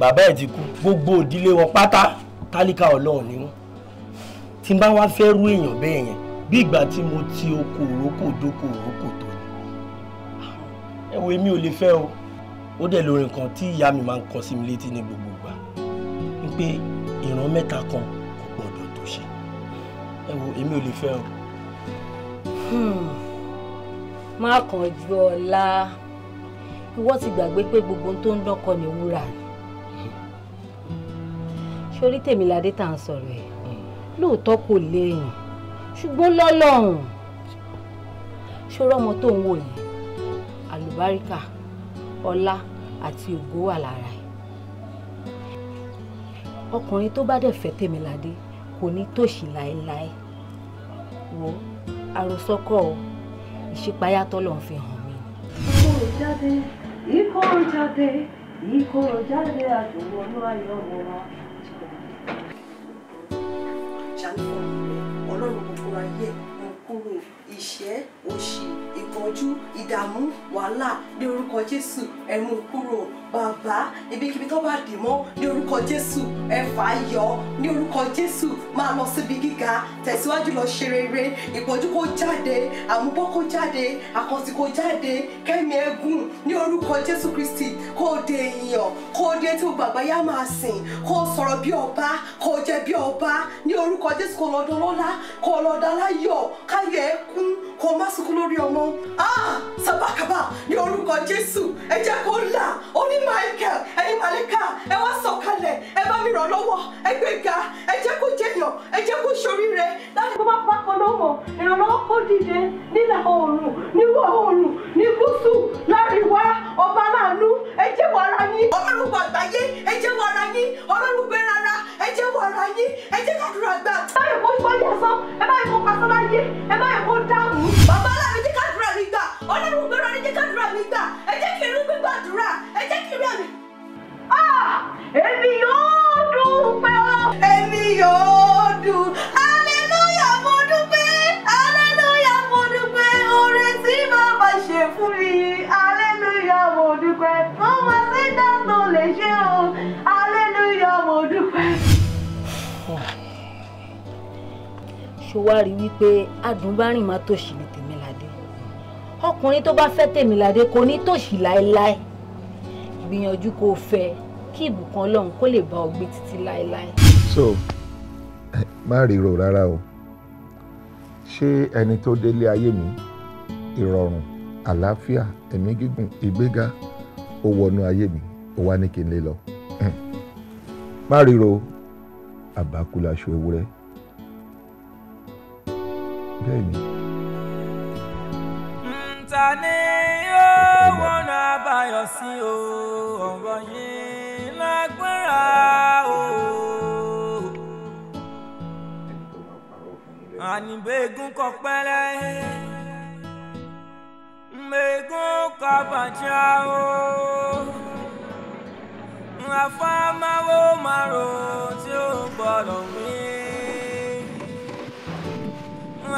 bàbá ẹ̀ ti kú gbogbo ìdílé wọn pátá tálíkà ọlọ́run ni wọn tí n bá wá fẹ́ rú èèyàn bẹ́ẹ̀ yẹn bí ìgbà tí mo ti oko òrókò dóko òrókò tó ni ẹ wo èmi ò lè fẹ́ o ó dẹ̀ lórin kan tí ìyá mi máa ń kọ sí mi létí ní gbogbo ìgbà ń pé ìran mẹ́ta kan kò gbọ́dọ̀ tó ṣe ẹ wo èmi ò lè fẹ́ o. Hmm má kàn ju ọ̀la ìwọ ti gbàgbé pé gbogbo tó ń dọ́kọ ní wúrà sórí tèmi ládé tá à ń sọ̀rọ̀ ẹ̀ lóòótọ́ kò léèyàn ṣùgbọ́n lọ́lọ́run ṣòro ọmọ tó ń wò yìí àlùbáríkà ọlá àti ògo wà lára ẹ̀ ọkùnrin tó bá dẹ̀ fẹ́ tèmi kò ní tòṣì láéláé wo àròsọ kọ́ ọ ìṣípayá tọ́lọ̀ ń fi hàn mí. ìkorò jáde ìkorò jáde ìkorò jáde àjòwọ́nú ayọ̀wọ́ wa. ṣàlùfọ́ ọlọ́run gbogbo ayé ń ìṣẹ́ òṣì ìpọ́njú ìdààmú wàhálà ní orúkọ jésù ẹ mú kúrò bàbá ibikíbi tó bá dì mọ́ ní orúkọ jésù ẹ fà á yọ ní orúkọ jésù máa lọ síbi gíga tẹ̀síwájú lọ ṣe rere ìpọ́njú kó jáde àmúbọ́ kó jáde àkọsí kó jáde kẹ́mi ẹ̀gún ní orúkọ jésù kristi kó de èèyàn kó de tí gbogbo àgbáyé á máa sìn kó sọ̀rọ̀ bí ọba kó jẹ bí ọba ní orúkọ jésù kó lọ́dún lọ́lá kó lọ́dún aláyọ̀ káyọ̀ ẹ̀kún kó má sunkún lórí ọmọ ah! sábàkàbà ní orúkọ jésù ẹ jẹ́ kó là ó michael ẹ̀yin Malika. ẹ wá sọ̀kalẹ̀ ẹ bá mi ràn lọ́wọ́ ẹ gbé ga ẹ jẹ́ kó jẹyàn ẹ jẹ́ kó ṣoríire láti kó má pákó lọ́wọ́ ìrànlọ́wọ́ kó dìde nílà oòrùn níwọ̀ oòrùn ní gúúsù láríwá ọba láàánú ẹ jẹ́ wọ ara yín ọlọ́run gbàgbáyé ẹ jẹ́ wọ ara yín ọlọ́run gbé rárá ẹ jẹ́ wọ ara yín ẹ jẹ́ kàdúrà gbà. ẹ báyìí kó gbọ́ yẹn sọ ẹ báyìí kó pasọ́ mi gbà ọlọ́run gbọ́dọ̀ ní jẹ́ kádùrà mi gbà ẹ jẹ́ kí irú gbígbà àdúrà ẹ jẹ́ kí irú àmì. Ah! èmi yóò dúpẹ́ o. èmi yóò dùn hallelujah mo dúpẹ́ hallelujah mo dúpẹ́ oore tí bàbá ṣe fún mi hallelujah mo dúpẹ́ tó máa ṣe dáná lè ṣe o hallelujah mo dúpẹ́. ṣé wàá rí wípé adùn bá rìn máa tòṣì ní ọkùnrin tó bá fẹ́ Tèmiládé kò ní tòṣì láéláé gbìyànjú kó fẹ́ kí ìbùkún Ọlọ́run kó lè bá ọ gbé títí láéláé. so má ríro rárá o ṣé ẹni tó délé ayé mi ìrọ̀rùn àlàáfíà ẹ̀mí gígùn ìgbéga ó wọnú ayé mi ó wá ní kí n lè lọ hmm. má ríro àbákú la ṣòwò bẹ́ẹ̀ ni. ta ni o wọnà àbáyọ sí o ọ̀rọ̀ yìí lágbára o. ànìbẹ́gùn kọ mẹ́gùn kọ o. àfọmáwò márùn tí ó gbọ́dọ̀ wí.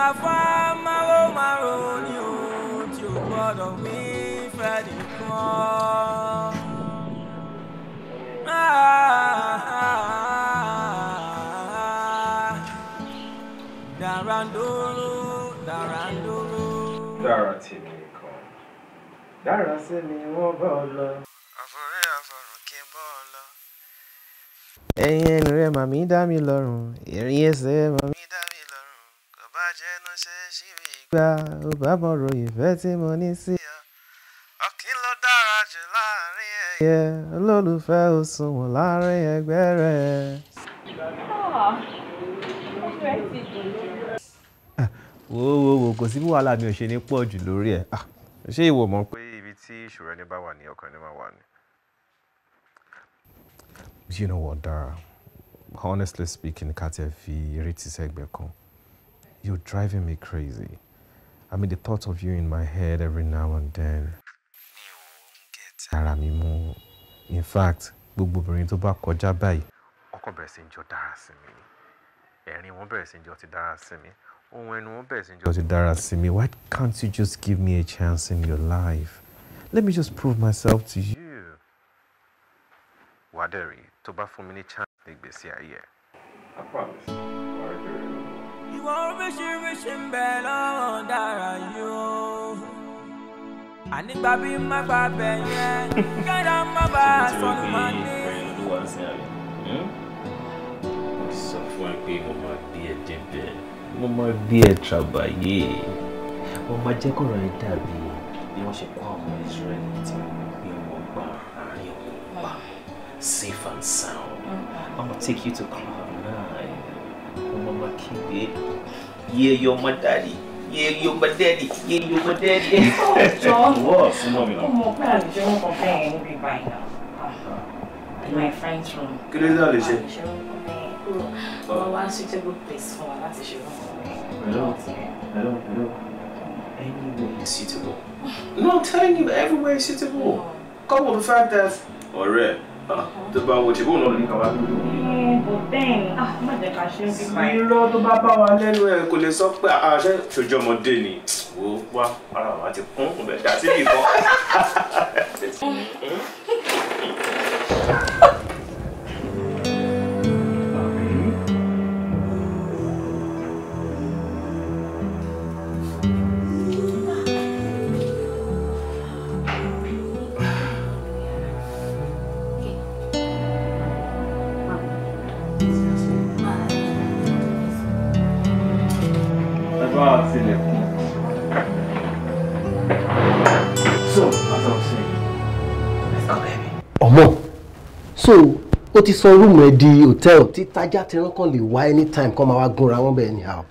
àfọmáwò márùn ni o. gbọ́dọ̀ wí fẹ́ni kan. Dàràndòrò dàràndòrò. Dára tèmi kan, dára sí mi wọ́n bá ọ lọ. Ẹyin ẹnu rẹ màmí dá mi lọ́rùn, ìrìn ẹsẹ̀ màmí gbà ò bá mọ̀rọ̀ ìfẹ́ tí mo ní sí ọ. ọ̀kín ló dára jù láàrin ẹyẹ olólùfẹ́ òṣùwọ̀n láàrin ẹgbẹ́ rẹ̀. Ah, wo wo wo kò sí bí wàhálà mi ò ṣe ní pọ̀ jù lórí ẹ̀ ah, ṣé ìwọ mọ̀ pé ibi tí ìṣòro ẹni bá wà ní ọkàn ẹni máa wà ní. you know what Dara honestly speaking kàtẹ́ fi eré tí kan you're driving me crazy. I mean, the thought of you in my head every now and then. Ara mi mu. In fact, gbogbo obìnrin tó bá kọjá báyìí, ọkàn bẹ̀rẹ̀ sí ń jọ dára sí mi. Ẹ̀rín wọn bẹ̀rẹ̀ sí ń jọ ti dára sí mi. Ohun ẹnu wọn bẹ̀rẹ̀ sí ń jọ ti dára sí mi. Why can't you just give me a chance in your life? Let me just prove myself to you. Wàdẹ̀rì tó bá fún mi ní chance ní ìgbésí ayé. I promise. You oríṣiríṣi ń bẹ lọ́wọ́ dára yìí o ànígbà bí má gbà bẹ̀ yẹn kẹ́dà má bà á sọnù má ní. Hmm? sọ fún ẹ pé mo máa bí ẹ débẹ̀ mo máa bí ẹ tàbáyé mo máa jẹ́ kọ̀ọ̀rọ̀ ẹ dàbí bí wọ́n ṣe kó àwọn Israẹli tí wọ́n gbé wọn gbà àárín òkun pa safe and sound mm-hmm. I will take you to Canaan. kuma makibe ye my daddy you're my daddy you're my daddy. Oh, John, what? Come on, plan. don't complain. You'll be now. Uh-huh. my friend's room. Kí ló dé àlejò? Ṣé wọ́n suitable place for wa láti ṣe wọ́n Hello, hello, hello. Anywhere is suitable. No, I'm telling you, everywhere is suitable. Come on, the fact that. Alright. tó bá wo tìbú náà ló ní kàwá. bó bẹ́ẹ̀ ni má jẹ́ ká ṣe ń fi pa ẹ̀. irọ́ tó bá bá wa lẹ́nu ẹ̀ kò lè sọ pé àṣẹ ah, ah, ṣojú ọmọdé ni wò ó wá ara wa ti kún ọbẹ̀ dà sí ìbọn. ó ti sọ rúùmù ẹ di hòtẹ́ẹ̀lì tí tájà tẹran kan lè wá anytime kó máa wá gúnra wọn bẹ́ẹ̀ ni àwọn.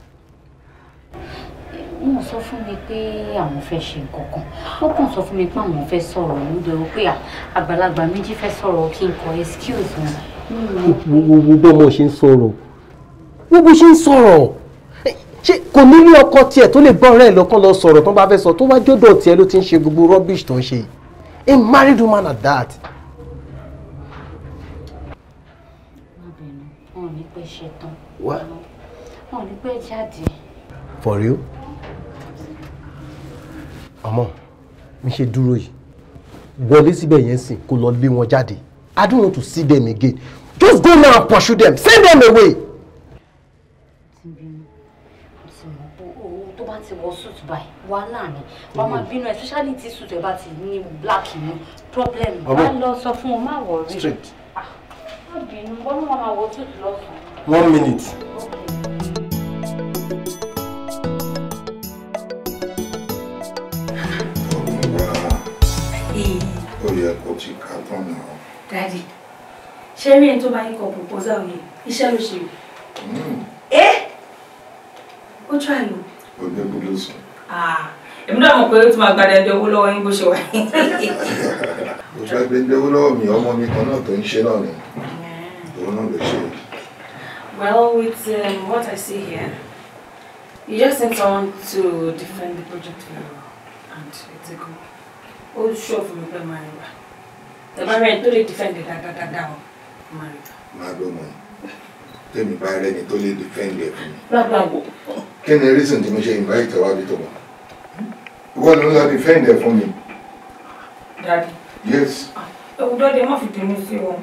wọn sọ fún mi pé àwọn fẹ́ ṣe nǹkan kan wọn kàn sọ fún mi pé àwọn fẹ́ sọ̀rọ̀ nígbà wo pé àgbàlagbà méjì fẹ́ sọ̀rọ̀ kí n kọ excuse wọn. wo wo bọ́ mo ṣe ń sọ̀rọ̀ wo bó ṣe ń sọ̀rọ̀ eh, ṣé kò ní ní ọkọ tiẹ̀ tó lè gbọ́ ọ̀rẹ́ ẹ̀ lọ́kàn lọ sọ̀rọ̀ tó bá fẹ́ sọ tó wá jọ́dọ̀ tiẹ̀ ló ti ń ṣe gbogbo rubbish tó ń ṣe a married woman at that. ní pẹ́ ṣetán. wá. for real. Amo, mi ṣe dúró yìí wọlé síbẹ̀ yẹn sìn kó lọ lé wọn jáde i don't want to see them again just go now and pursue them send them away. tó bá ti wọ suit by. wàhálà ni wọn máa bínú especially tí suit ẹ bá ti ní black ní problem bá lọ sọ fún wọn má wọrí. straight One minute. ó yẹ kó ti ká tán nà ó. dadi ṣé rí ẹni tó bá yí kọ proposal yìí iṣẹ́ ló ṣe. Hmm. ẹ ó tún àìlò. ó dé búlọ̀ sùn. Ah, èmi náà mọ̀ pé ó ti máa the dandan owó lọ́wọ́ yín bó ṣe wà. mo fẹ́ gbé owó lọ́wọ́ mi ọmọ mi kan náà Well, with um, what I see here, you just need someone to defend the project very well, and it's a go. Oh, ṣọ́ from mi pé the ń wá. Tẹ̀bá rẹ̀ tó lè defend dáadáa o, máa ń wá. Máa gbọ́ mọ́ tẹ́mi bá rẹ́ni tó lè defend ẹ̀ Can you listen to me? reason invite ẹ wá bí tó mọ̀? Wọ́n ló lọ defend ẹ̀ fún mi. Dadi. Yes. Ẹ̀wù dọ́dẹ má fi tèmi sí wọn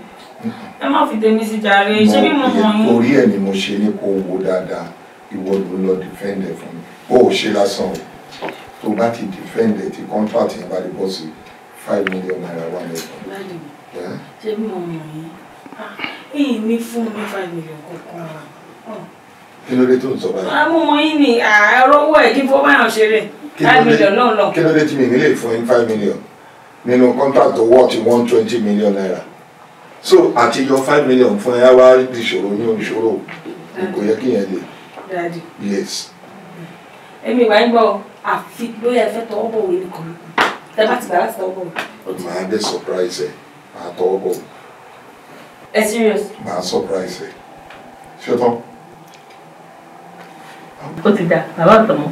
ẹ má fi tèmi sí jàre ṣé bí mo mọ̀ yín. orí ẹ̀ ni mo ṣe ní kó wo dáadáa ìwọ ló lọ defend ẹ fún mi ó ò ṣe lásán o tó bá ti defend ẹ ti contract yẹn bá lè bọ́ five million naira one million. ṣé bí mo mọ̀ yín ẹ̀yìn ah, mi fún mi five million kankan rà kí ló dé tó ń sọ báyìí. àmú ah, mo yín ni àárọ̀ ah, owó ẹ̀ kí fọ́ báyọ̀ ṣe five million náà lọ. kí ló dé tí mi ní lè fún yín five million nínú contract owó ti one twenty million naira so àti yọ five million fún ẹ wá di ìṣòro ní ìṣòro kò yẹ kí yẹn lè. yes. èmi ìwà ń gbọ́ àfi lóye ẹ fẹ́ tọwọ́ bọ̀ wẹ̀ nìkan tẹ bá ti gbà láti tọwọ́ bọ̀ wẹ̀. màá dé surprise ẹ màá tọwọ́ bọ̀ wẹ̀. ẹ serious. màá surprise ẹ ṣé tán. ó ti dà bàbá àtọmọ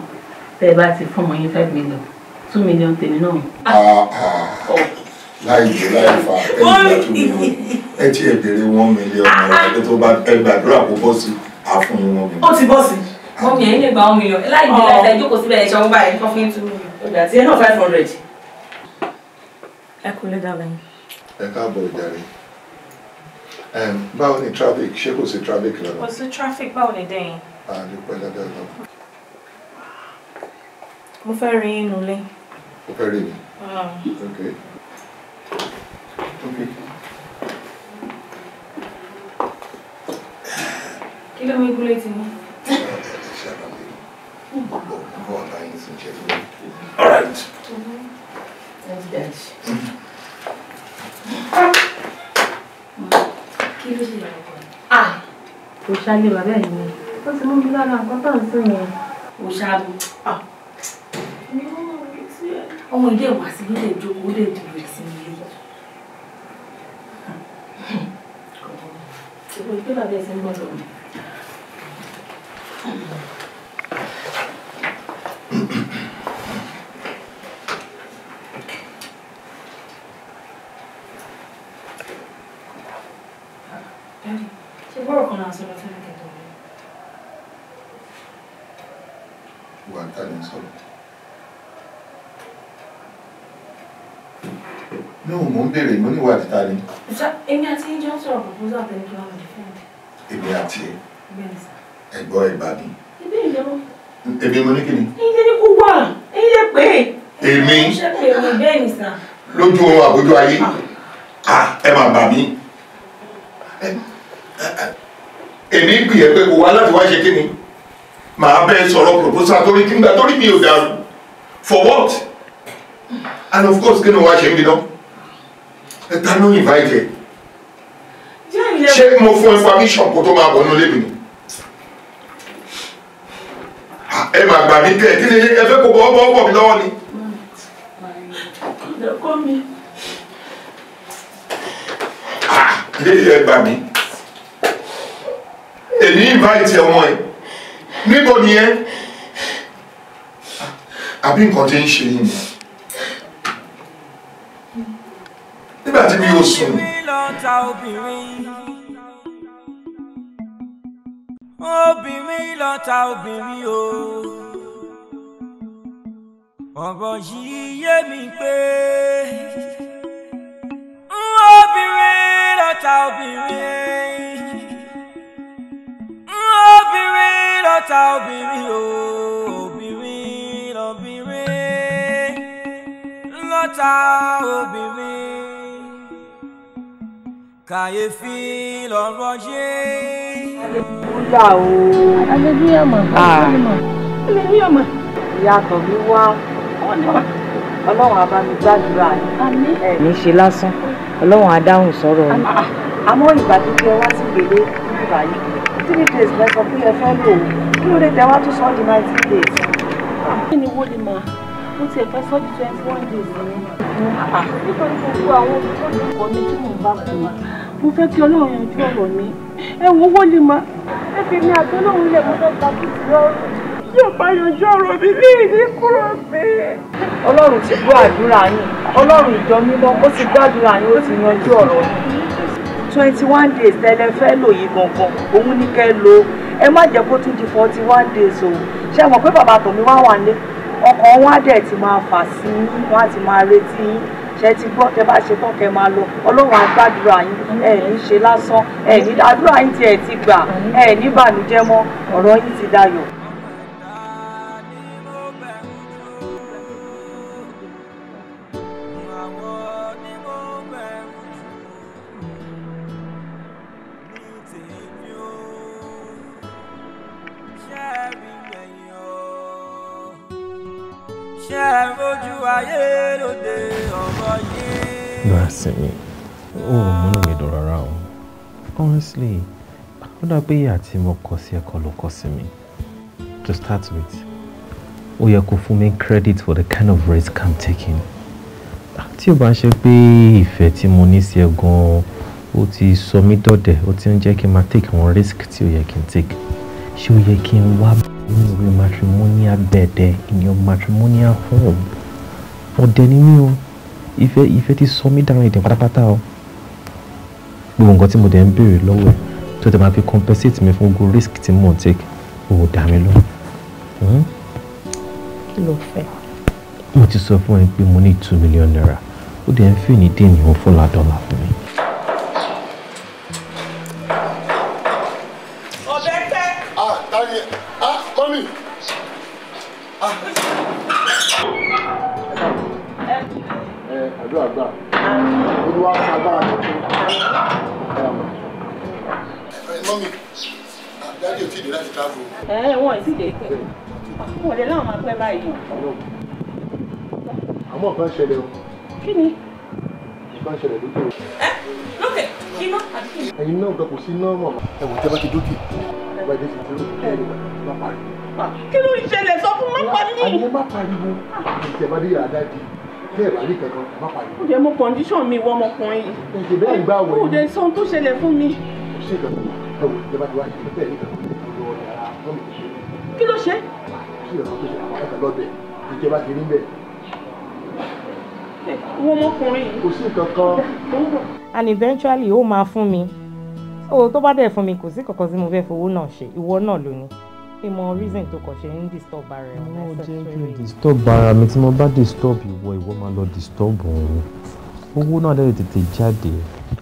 tẹ ẹ bá ti fún ọmọ yín five million two million tèmi náà. Ah, ah. Oh láì jù láì fa ẹgbẹ́ tó lè wọ ẹ tí ẹ bèrè one million naira pé ah, ah. tó bá ẹ gbàdúrà kó bọ́ sí àfún yín wọn. ó ti bọ́ sí mọ́mí ẹ̀yin lè gba one million láì jù láì fa ìjókòó síbẹ̀ ẹ̀ṣọ́ ń bá ẹ̀ kọ́ fún two million ọjà tí ẹ náà five hundred. ẹ kò lè dàbẹ̀ yín. ẹ káàbọ̀ ìdarí báwo ni traffic ṣé kò sí traffic lọ́nà. kò sí traffic báwo ni dẹ́yìn. àdúpẹ́ lọ́dọ̀ lọ. mo fẹ́ rí inú ilé. mo fẹ́ rí mi. Mm. ok kí right. Mm-hmm. That's Ọmọ ìdí ẹ̀wà sí ló lè lè dìbò sí mi. se volveva a desenvolvere. Ce vor cunoaște la fel de Guardare în solut. no mo ń béèrè mo níwà títa ni. èmi àti ìjọ ń sọ̀rọ̀ proposal tẹ̀lé tó wà lóde fún mi. èmi àti ẹ ẹgbọ́ ẹ̀bà mi. ìbéèrè lọ́wọ́. èmi mo ní kí ni. èyí lè kú wà èyí lè pè é. èmi lójú àbójú ayé ẹ máa bà mí èmi gbì ẹ pé kò wá láti wá ṣe kí ni màá bẹ́ẹ̀ sọ̀rọ̀ proposal torí kí n gbà torí mi ò dàrú for what and of course kí ni wàá ṣe ń bidán ẹ ta ló invite ẹ ṣé mo fún ẹ permission kó tó máa bọ̀ nínú lébìnrin ẹ máa gbà mí kẹ kí ni ẹ fẹ́ kó bọ́ bọ́ bọ̀ mí lọ́wọ́ ni. léyìí ẹ gbà mí èmi invite ọmọ ẹ níbo ni ẹ àbí nǹkan tí ń ṣe yìí nígbà tí mi ò sùn. obìnrin lọ́ta obìnrin o ọ̀rọ̀ yìí yé mi pé obìnrin lọ́ta obìnrin obìnrin lọ́ta obìnrin o obìnrin lọ́bìnrin lọ́ta obìnrin kàyéfì lọ́rọ̀ ṣe. aleluya o. aleluya mọ̀. aleluya mọ̀. ìyàtọ̀ mi wá ọlọ́run á bá mi gbàdúrà ni ní ṣe lásán ọlọ́run á dáhùn sọ̀rọ̀ ni. àmọ́ ìgbà tó fi ẹ wá sí gbèdé ìgbà yìí three days lẹ́sọ̀ pé ẹ fẹ́ lò ó kí ló dé tẹ wá tó sọ ọ́ di nineteen days. kí ni wọ́n lè máa mo tiẹ̀ fẹ́ sọ́jú twenty one days ni ah, nítorí gbogbo àwọn olùkọ́ mi tí mò ń bá kú mo fẹ́ kí ọlọ́run yanjú ọ̀rọ̀ mi ẹ̀wọ̀n owó lè má ẹ fi mi àti ọlọ́run lè mo fẹ́ gba kùtù lọ́rùn yóò bá yanjú ọ̀rọ̀ mi ní ìdí kúrò pé. ọlọ́run ti gbọ́ àdúrà yín ọlọ́run ìjọ mímọ́ ó ti gbàdúrà yín ó ti yanjú ọ̀rọ̀ yín twenty one days tẹ́lẹ̀ fẹ́ lò yìí gangan òun ní kẹ́ lo ẹ má jẹ́ kó tún di forty one days o ṣé mọ̀ pé bàbá tòmí wá wà nílé ọkọ̀ wọn á dẹ̀ ti máa fà sí wọn á ti máa retí ṣe ti gbọ́ tẹ bá ṣe tọ́kẹ́ máa lọ ọlọ́run agbádùra yín ẹ ní ṣe lásán ẹ ní àdúrà yín tiẹ̀ ti gbà ẹ ní bànújẹ́ mọ́ ọ̀rọ̀ yín ti dayọ̀. ayé lóde ọ̀rọ̀ yìí. Lọ́sìn mi, ó múnú mi dùn rárá o. Honestly, ó dà pé ìyá tí mo kọ sí ẹ̀kọ́ ló kọ sí To start with, ó yẹ kó fún mi credit for the kind of risk I'm taking. Tí o bá ń ṣe pé ìfẹ́ tí mo ní sí ẹ gan-an, ó ti sọ mí dọ̀dẹ̀, ó ti ń jẹ́ kí n take àwọn risk tí ó yẹ kí n take. Ṣé ó yẹ kí n wá? in your matrimonial bed in your matrimonial home ọ̀dẹ̀ ni mí o ìfẹ́ ìfẹ́ ti sọ mí dáhùn ìdẹ̀ pátápátá o gbogbo nǹkan tí mo dẹ̀ ń béèrè lọ́wọ́ ẹ̀ tó dẹ̀ máa fi compensate mi fún gbogbo risk tí mo ń take ò dá mi lọ. Hmm? kí ló fẹ́. mo ti sọ fún ẹ pé mo ní two million naira ó dẹ̀ ń fẹ́ ní dé ìyẹn fún ládọ́là fún mi. báyìí. àmọ́ nǹkan ṣẹlẹ̀ o. kí ni. nǹkan ṣẹlẹ̀ lókè o. ẹ lókè kí iná àti kí. ẹyin náà gbọ́ kò sí iná mọ̀. ẹ wò tẹ́ bá ti dókè bá dé sí ti rú kí ẹ má pariwo. Ah, kí ló ń ṣẹlẹ̀ sọ fún má pariwo. àyè má pariwo ìjẹ̀bá dé yàrá dájú bẹ́ẹ̀ bá rí kankan má pariwo. ǹjẹ́ mo condition mi wọ ọmọkùnrin yìí. ǹjẹ́ bẹ́ẹ̀ gbà wọ̀ yìí. ǹjẹ́ sọ ohun tó ṣẹlẹ̀ fún mi. kò sí ìkànnì ẹ̀wò ìjẹba ti wá ṣe bẹ́ẹ̀ ní kankan lọ́wọ́ yàrá kí ló ṣe é tí ìrànwọ́ tó ṣe àwọn akẹ́kọ̀ọ́ lọ́bẹ̀ ìjọba ti rí bẹ́ẹ̀. kò sí nǹkan kan. and eventually ó máa fún mi owó tó bá dẹ̀ fún mi kò sí kankan tí mo fẹ́ fowó náà ṣe ìwọ náà ló ní ìmọ̀ reason tó kàn ṣe ń disturb ara ẹ̀. mo jẹ́ kí n disturb ara mi tí mo bá disturb ìwọ ìwọ máa lọ disturb òun owó náà dẹ̀ tètè jáde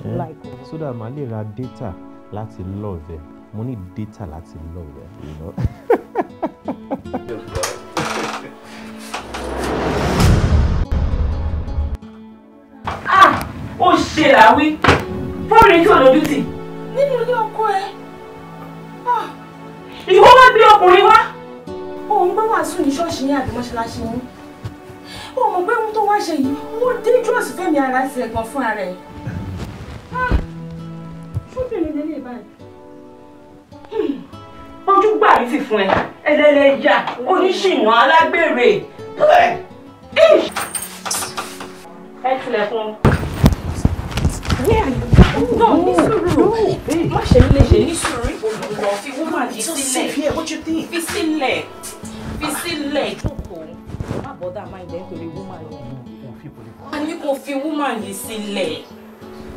eh, so that màá lè ra data láti love ẹ mo ní data láti love ẹ. ah ó ṣe làwí fọ́ọ̀rì tí olójú tì nínú ilé ọkọ ẹ ah. ìwọ wá bí ọkùnrin wá. òun gbé wàásù ní ṣọ́ọ̀ṣì ní àbí mọ́ṣáláṣí mú ó mọ̀ pé ohun tó wá ṣe yìí ó dangerous fẹ́mi ara ṣe gan fún ara ẹ̀. Ah. ṣóbìnrin lè lè báyìí. Hmm ojúgbà mi ti fún ẹ ẹlẹ́lẹ́yà oníṣìnà alágbèrè. ẹ tilẹ̀kùn. Where are you going? No, ní sùúrù. Má ṣe mí léṣe ní sùúrù ìbòlùlọ. Fi woman yìí sílẹ̀. Fi sílẹ̀. Fi ah. sílẹ̀. Jókòó. Má bọ́dà máa ń jẹ́ nítorí woman yìí. A ní kò fi woman yìí sílẹ̀.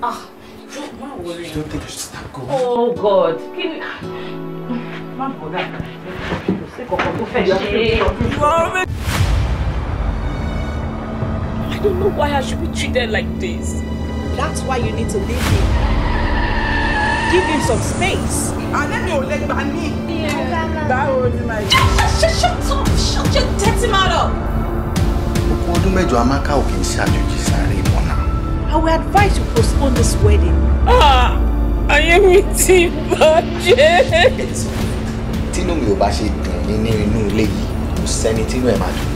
Ah, don't Oh God, kí ni. I don't know why I should be treated like this. That's why you need to leave him. Give him some space. Àlẹ́ mi ò lè gbà Yeah. That ni màá yẹ? Shut up! Shut your dirty mouth up! Ogún ọdún mẹ́jọ Amaka ò kì í ṣe àjòjì I will advise you postpone this wedding. Ah! I am mi ti bàjẹ́ tínú mi ò bá ṣe dùn ní nínú ilé yìí kò sẹ́ni tínú ẹ̀ máa dùn.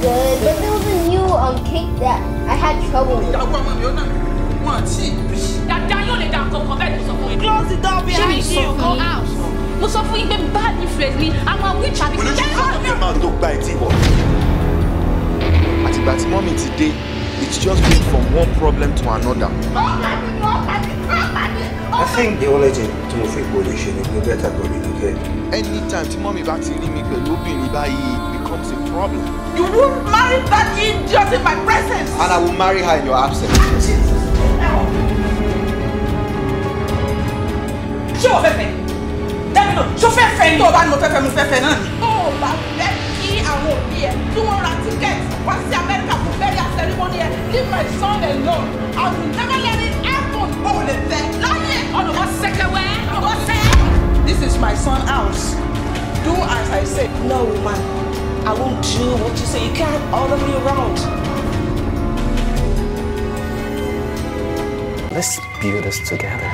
Good, but there was a new um, cake that I had trouble with. Dada yóò lè dà kankan bẹ́ẹ̀ ló sọ fún yín. Close the door behind you. Ṣé mi sọ fún yín? Mo sọ fún yín pé bad influence ni àwọn wíjà. Mo ní kí n kọ́ ọ́ fẹ́ máa lo gba ẹtí wọ̀. Àtìgbà tí mọ́mì ti dé. It's just going from one problem to another. I think the only thing tí mo fi gbòòrò ṣe ni mo bẹ́ẹ̀ Okay. rí ní kẹ́. Anytime tí mọ́mí bá ti rí mi pẹ̀lú obìnrin báyìí becomes a problem. You won't marry that idiot in my presence. And I will marry her in your absence. Jesus. Ṣé o fẹ́ fẹ́? Dábì Show ṣó fẹ́ fẹ́ ní? Tó o bá ní mo fẹ́ fẹ́, mo fẹ́ fẹ́ náà ni. Ó bá fẹ́ leave my son alone. I will never let it happen. Ó lè one láyé ọ̀nà wọn ṣẹ́kẹ̀wẹ́ one sẹ́. This is my son house. Do as I say. No, woman. I won't do what you say. You can't order me around. Let's build this together.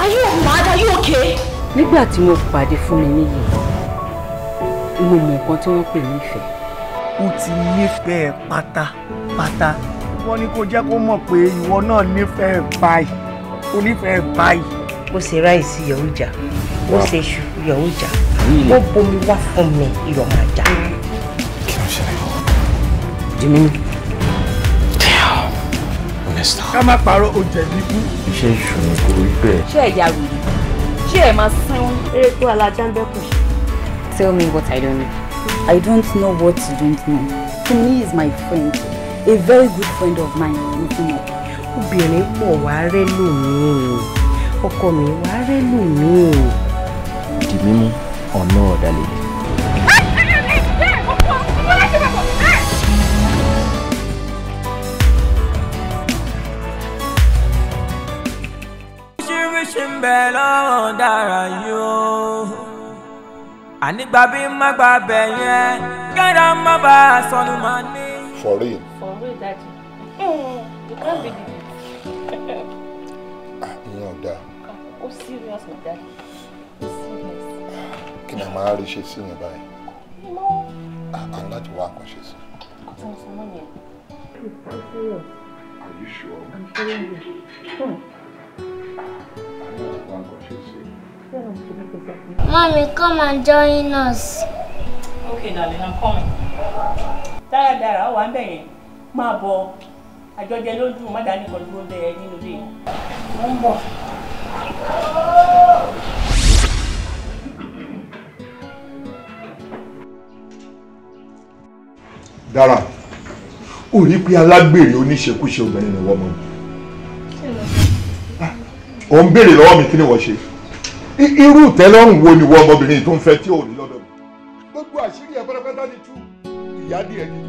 Are you mad? Are you okay? Nígbà tí mo pàdé fún mi níyì, mo mọ nǹkan tí wọ́n pè ní ìfẹ́. Ó ti nífẹ̀ẹ́ pátá pátápátá wọ́n ní kó jẹ́ kó mọ̀ pé ìwọ náà nífẹ̀ẹ́ báyìí ó nífẹ̀ẹ́ báyìí. ó ṣe ráìsì yọ̀ọ́ ìjà ó ṣe iṣu yọ̀ọ́ ìjà ó bomi wá fún mi ìrọ̀ máa jà. kí ló ṣẹlẹ̀? jimmy. ká má parọ́ o jẹ̀bi kú. iṣẹ́ ìṣòro kò rí bẹ́ẹ̀. ṣé ẹ̀yà rèé ṣé ẹ̀ máa sán eré tó alájáńbẹ́kù. Tell me what I don't know. I don't know what you don't know. To me is my friend a very good friend of mine ló fún mi. obìnrin pọ̀ wá rẹ́ lòmíì ọkọ mi wá rẹ́ lòmíì. di mímú ọ̀nà ọ̀dàlẹ̀. ṣe ń bẹ lọ́rùn dára yóò ànígbàbí má gbà bẹ̀ yẹn kẹ́dà má bàa sọnù máa ní. for real you daddy. you can't believe it. Ah, ìyẹn ò dáa. Ah, ó serious my daddy serious. Can I marry máa rí ṣe sí yẹn báyìí. a ah, láti wá àkànṣe sí. kò tí mo sọ mọ́ yẹn. Are you sure? I'm sure you are. Mommy, come and join us. Okay, darling, I'm coming. Dára Dara, how wà ń máa bọ̀ àjọjẹ ló dùn má dání kan dúró nínú ilé wọn dára ò rí pé alágbèrè oníṣekúṣe obìnrin ni wọ́n mọ̀ ní. ò ń béèrè lọ́wọ́ mi kí ni wọ́n ṣe irú ìtẹ́lọ́rùn wo ni wọ́n ọmọbìnrin tó ń fẹ́ tí ò ní lọ́dọ̀ mi gbogbo àṣírí ẹ̀ pátápátá ni tú ìyá díẹ̀ ni tú.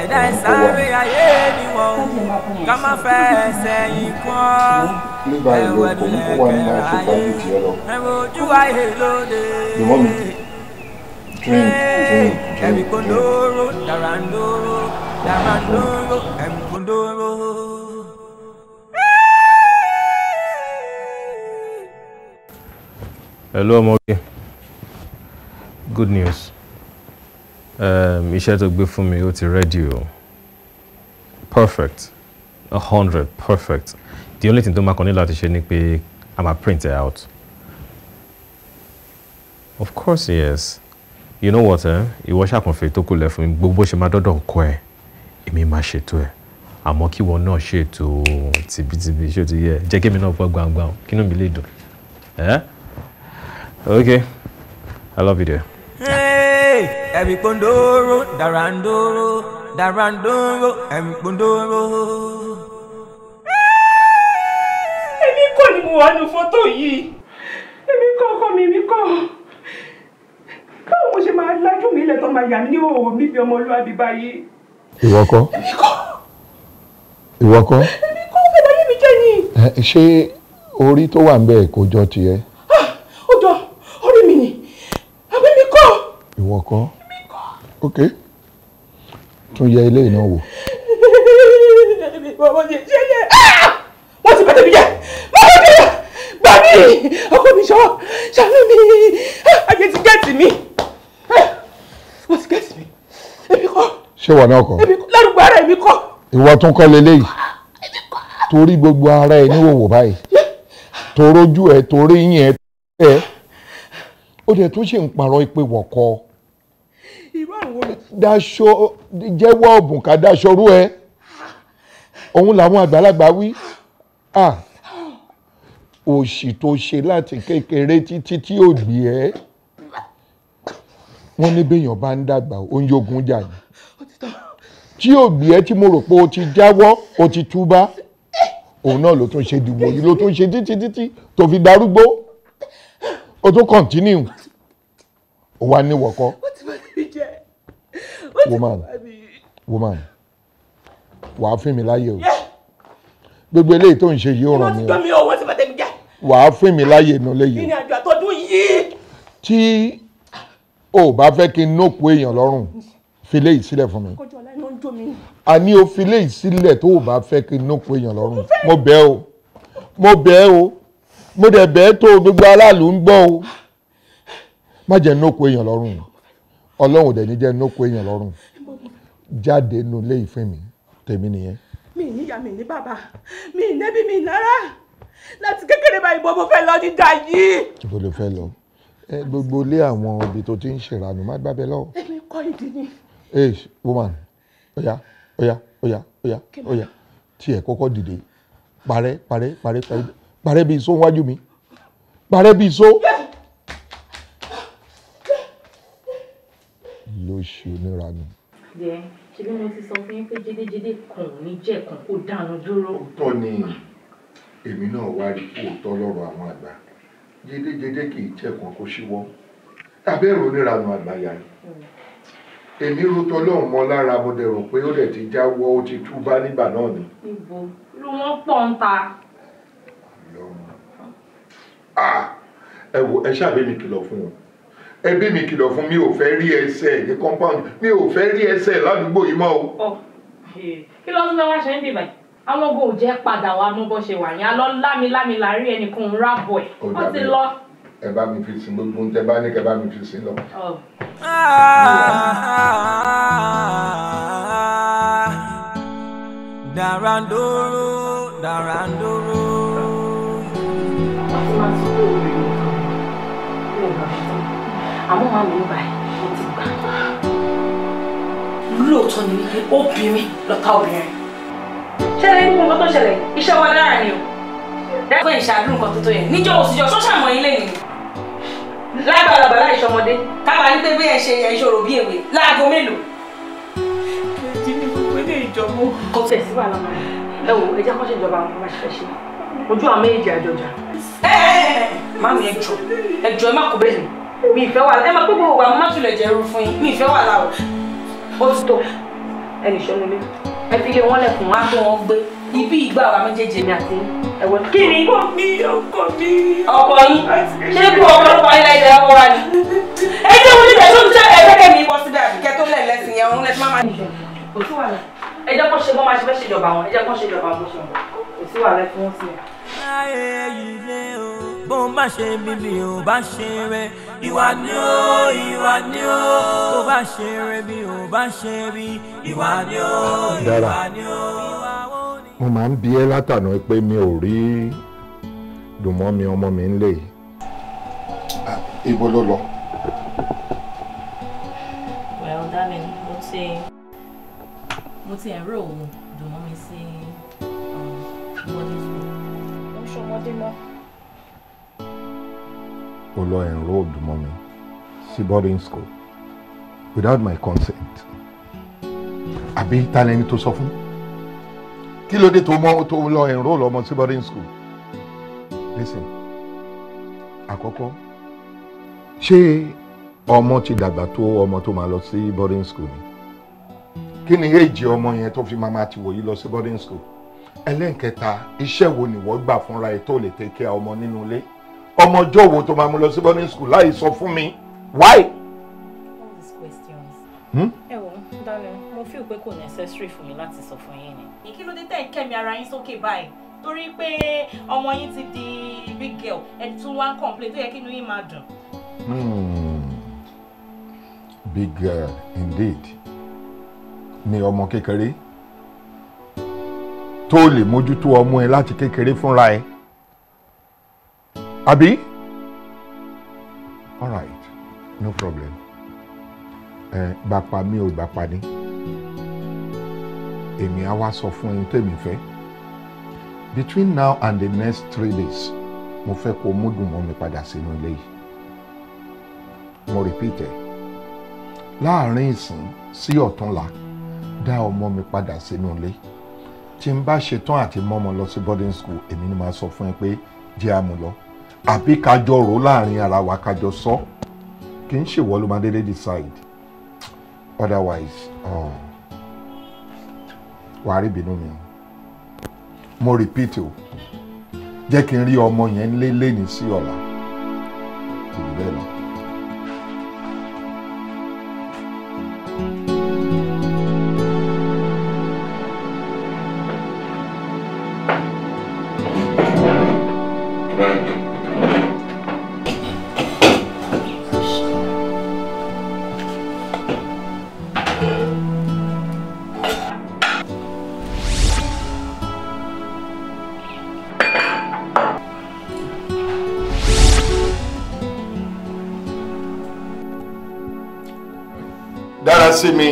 ẹ̀dá ìsáré ayé ni wọ́n ká má fẹ́ sẹ́yìn kọ́. nígbà ìlú ọkọ̀ mi kó ojú ayé lóde. ìmọ̀ mi drink drink drink. ẹ̀mí dàrá ndóró dàrá ndóró ẹ̀mí kondóró. Hello, Omoge. Good news um, iṣẹ́ tó gbé fún mi ó ti ready o perfect a hundred perfect the only thing tó máa kàn ní láti ṣe ni pé i ma print it out of course yes you know what eh? ìwọ ṣàkànfẹ́ tó kù lẹ̀ fún mi gbogbo ṣe máa dọ́dọ̀ kọ́ ẹ̀ èmi máa ṣètò ẹ̀ àmọ́ kí ìwọ náà ṣètò tìbítìbí ṣé o ti yẹ jẹ́ kí èmi náà fọ́ gbangba kínú mi lè dùn eh? ok i love you there. Hey ẹ̀mí pòǹdóró dàràǹdóró dàràǹdóró ẹ̀mí pòǹdóró. èmi kọ́ ni mo wà ní fọ́tò yìí èmi kọ́ ọkọ mi èmi kọ́ báwo mo ṣe máa lájú mi ilẹ̀ tó máa yà mí ní òwò mi bí ọmọlúwàbí báyìí. ìwọ kọ́ ìwọ kọ́ èmi kọ́ ọmọ ìbáyé mi jẹ́ ni. ṣé orí tó wà ń bẹ́ẹ̀ kò jọ tiẹ̀. ìwọ kọ́ ok tún yẹ ilé iná wò. wọ́n ah! ti bá tẹ̀lé jẹ́ wọ́n ti gbà mí ọkọ mi ṣọwọ́ ṣàánú mi ayé ah! ti gẹ̀ẹ́tì mi wọ́n ah! ti gẹ̀ẹ́tì mi èmi kọ́. ṣé wà náà kọ́. èmi kọ́ lárúgbó ara èmi kọ́. ìwọ tún kọ́ leléyìí torí gbogbo ara ẹ níwòwò báyìí torójú ẹ torí yín ẹ tó ẹ ó dẹ̀ tún ṣe ń parọ́ ìpè wọ̀kọ́ irú àwọn olè. daṣọ jẹ́wọ́ ọ̀bùn ká daṣọ rú ẹ òun làwọn àgbàlagbà wí òṣì tó ṣe láti kékeré títí tí ò gbé ẹ wọ́n ní béèyàn bá ń dàgbà oúnjẹ ogun jà yìí tí ò gbé ẹ tí mo rò pé o ti jáwọ́ o ti túbá òun náà ló tún ṣe dìbò yìí ló tún ṣe títí títí tó fi darúgbó o tún kọ̀ntínú o wà ní wọ̀kọ́ woman woman wàá fún mi láyè o gbogbo eléyìí tó ń ṣe yìí ó ràn mí o wàá fún mi láyè inú léyìí tí o bá fẹ́ kí n nókù èèyàn lọ́rùn fi léyìí sílẹ̀ fún mi àní o fi léyìí sílẹ̀ tó o bá fẹ́ kí n nókù èèyàn lọ́rùn mo bẹ̀ o mo bẹ̀ o mo dẹ̀ bẹ̀ tó gbogbo aráàlú ń gbọ́ o má jẹ́ nókù èèyàn lọ́rùn o ọlọ́run dẹ̀ ní jẹ́ nókò èèyàn lọ́rùn jáde nù lé ìfẹ́ mi tèmi nìyẹn. mi níyà mi ní bàbá mi nẹ́bí mi nára láti kékeré báyìí bó mo fẹ́ lọ dídá yìí. ibo ló fẹ́ lọ gbogbo ilé àwọn ibi tó ti ń ṣèrànú má gbàbẹ lọ. èmi kọ́ ìdí ni. hey woman oya oya oya oya oya tiẹ̀ kọ́kọ́ dìde parẹ́ parẹ́ parẹ́ parẹ́ bí iṣó wájú mi parẹ́ bí iṣó. Yes. oṣù oníranu. jẹ ṣe bí mo ti sọ fún yín pé jẹgẹjẹgẹ kan ò ní jẹ kan kó dáná dúró. òótọ́ ni èmi náà wá rí òótọ́ lọ́rọ̀ àwọn àgbà jẹgẹjẹgẹ kì í jẹ kan kó ṣíwọ́ abẹ́rò oníranu àgbáyà ni hmm. èmi ro tọlọ́run mọ lára mo dẹ̀ rò pé ó dẹ̀ ti jáwọ́ ó ti túbá nígbà náà ni. ibo ló wọ́n pọ̀ ń ta. Ah! ẹ wo ẹ ṣàbẹ̀mí kìlọ̀ fún wọn ẹbí mi kìlọ̀ fún mi ò fẹ́ rí ẹsẹ̀ ní compound mi ò fẹ́ rí ẹsẹ̀ ládùúgbò yìí mọ́ o. kí ló tún fẹ́ wá ṣe ń bìbà yìí àwọn ọgbọ́n ò jẹ́ padà wá mú bó ṣe wà yẹn lọ lámilámi la rí ẹnìkan ń rábọ̀ ẹ̀ ó ti lọ. ẹ bá mi fi sin gbogbo oúnjẹ bá ní kẹ bá mi fi sin lọ. Ah, ah, ah, dàràǹdòrò dàràǹdòrò. àmọ́ màá mi ń bá ẹ̀ mo ti gbà. lóòótọ́ ni wípé obìnrin lọ́tà obìnrin. ṣẹlẹ̀ nínú nǹkan tó ṣẹlẹ̀ iṣẹ́ wa dára ni o. dábàá ìṣàdúró nǹkan tó tó yẹn níjọ́ òsìjọ́ sọ́ṣà mọ́ ilé nìyí lágbàlagbà láì sọmọdé kábà ní pé bí ẹ ṣe ìṣòro bí èwe láago mélòó. èjì ni gbogbo ilé ìjọmọ. kò tẹ̀ sí wàhálà mọ́ ẹ wò ẹ jẹ́ kó ṣèjọba àwọn ọmọ ṣẹ̀ṣẹ̀ ṣe ojú àwọn méjì àjọjà. ẹ ẹ má mi ẹ jọ ẹ jọ ẹ má kó bẹ́ẹ̀ ni mi ìfẹ́ wà ẹ máa pé gbogbo àwọn mọ́tòlẹ̀ jẹ́ irú fún yín mi ìfẹ́ wà láwọ̀ ó ti tó ẹnì sọ́nu lé ẹ fi lé wọn lẹ́kùn wá kó wọn gbé ibi ìgbà wa méjèèjì mi àti ẹ̀wẹ̀ kí ni. ọkọ mi ọkọ mi. ọkọ yín ṣé kú ọkọ ló parí láì dáa kọ́ra ni. ẹ jẹ́ wọlé ìfẹ́ tó ń jẹ́ ẹ̀ẹ́dẹ́gẹ̀ mi bọ́ síbẹ̀ àbíkẹ́ tó lẹ̀ lẹ́sìn yẹn òun lẹ́sìn má máa nìyẹn. kò sí wàhálà ẹ jẹ́ kó ṣe bọ́ máa ṣe fẹ́ ṣèjọba wọn ẹ jẹ́ kó ṣèjọba wọn kò sí wàhálà bó ń bá ṣe bí mi ò bá ṣe rẹ ìwà ni ó ìwà ni ó bó bá ṣe rẹ bí ò bá ṣe rí ìwà ni ó ìwà ni ó. mo máa ń bi ẹ́ látànà pé mi ò rí dùnmọ́mi ọmọ mi ń lè. Ah, ibo ló lọ. well darling mo ti mo ti ẹ̀rọ òun dùnmọ́mi sí um, ọmọdé fún ó lọ enrolled mommy. She boarding school without my consent I be telling you to suffer. fún kí ló dé tó mọ tó lọ enroll ọmọ sí boarding school listen àkọ́kọ́ ṣé ọmọ ti dàgbà to ọmọ tó máa lọ si boarding school ni kí ni èjì ọmọ yẹn tó fi máa máa ti wòyí lọ si boarding school ẹlẹ́nkẹta iṣẹ́ wo ni wọ́n gbà fúnra ẹ̀ tó le take care ọmọ nínú ilé ọmọ ọjọ́ wo tó máa mú lọ sí boarding school láì sọ fún mi why. Hmm? ẹ wo dáná mo feel pé kò necessary fún mi láti sọ fún yín ni. kí ló dé tẹ̀ ń kẹ́mi ara yín sókè báyìí torí pé ọmọ yín ti di big girl ẹni tún wá ń complain tó yẹ kí inú yín máa dùn. Hmm. big girl indeed ni ọmọ kékeré tó lè mójútó ọmọ ẹ láti kékeré fúnra ẹ. E àbí all right no problem ẹ gbàpá mi ò gbàpá ni èmi á wá sọ fún ẹni tèmi fẹ́ between now and the next three days mo fẹ́ kó múdùn mọ́ mi padà sínú ilé yìí mo repeat ẹ láàrin ìsìn sí ọ̀túnla dá ọmọ mi padà sínú ilé tí n bá ṣetán àti mọ́mọ lọ sí boarding school èmi ni màá sọ fún ẹ pé jẹ́ àmú lọ àbí kájọ rò láàrin ara wa kájọ sọ kì í ṣèwọ ló máa dédé decide otherwise um, wàá rí ìbínú mi mo repeat o jẹ́ kí n rí ọmọ yẹn lé lẹ́ni sí ọ̀la kò rí bẹ́ẹ̀ lọ. blessing me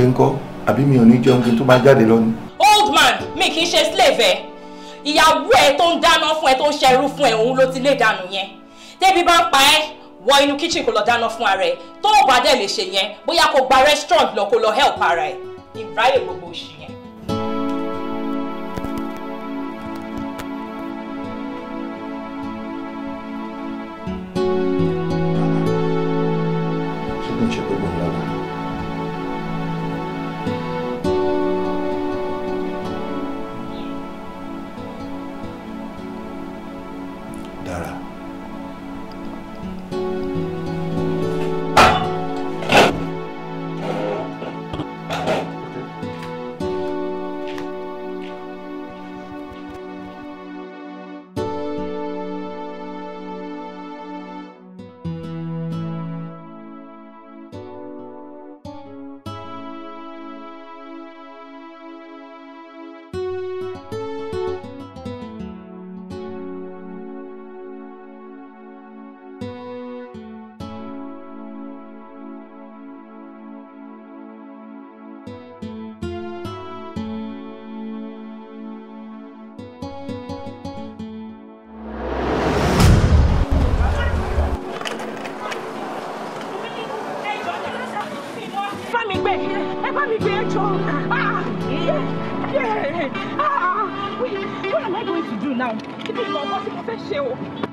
jẹ ńkọ́ àbí mi ò ní jẹun kí n tó máa jáde lọ ni. old man mi kì í ṣe slave ẹ ìyàwó ẹ tó ń dáná fún ẹ tó ń ṣerú fún ẹ òun ló ti lè dànù yẹn tẹ́bí bá ń pa ẹ́ wọ inú kitchen kó lọ dáná fún ara ẹ tó ò bá dẹ̀ lè ṣe yẹn bóyá kó gba restaurant lọ kó lọ help ara ẹ ìráyè gbogbo òṣì. que minha irmã conseguiu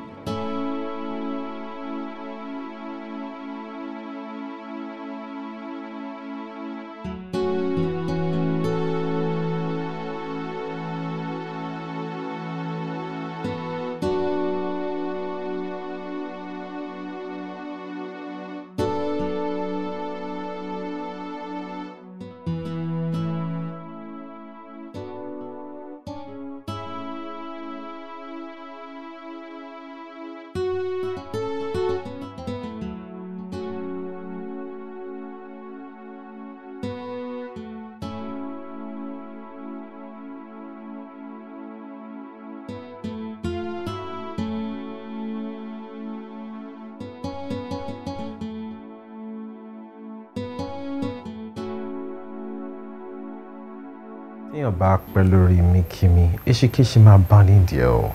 pẹ́ lórí mi kí mi èṣìkéṣì máa bá nídìí ẹ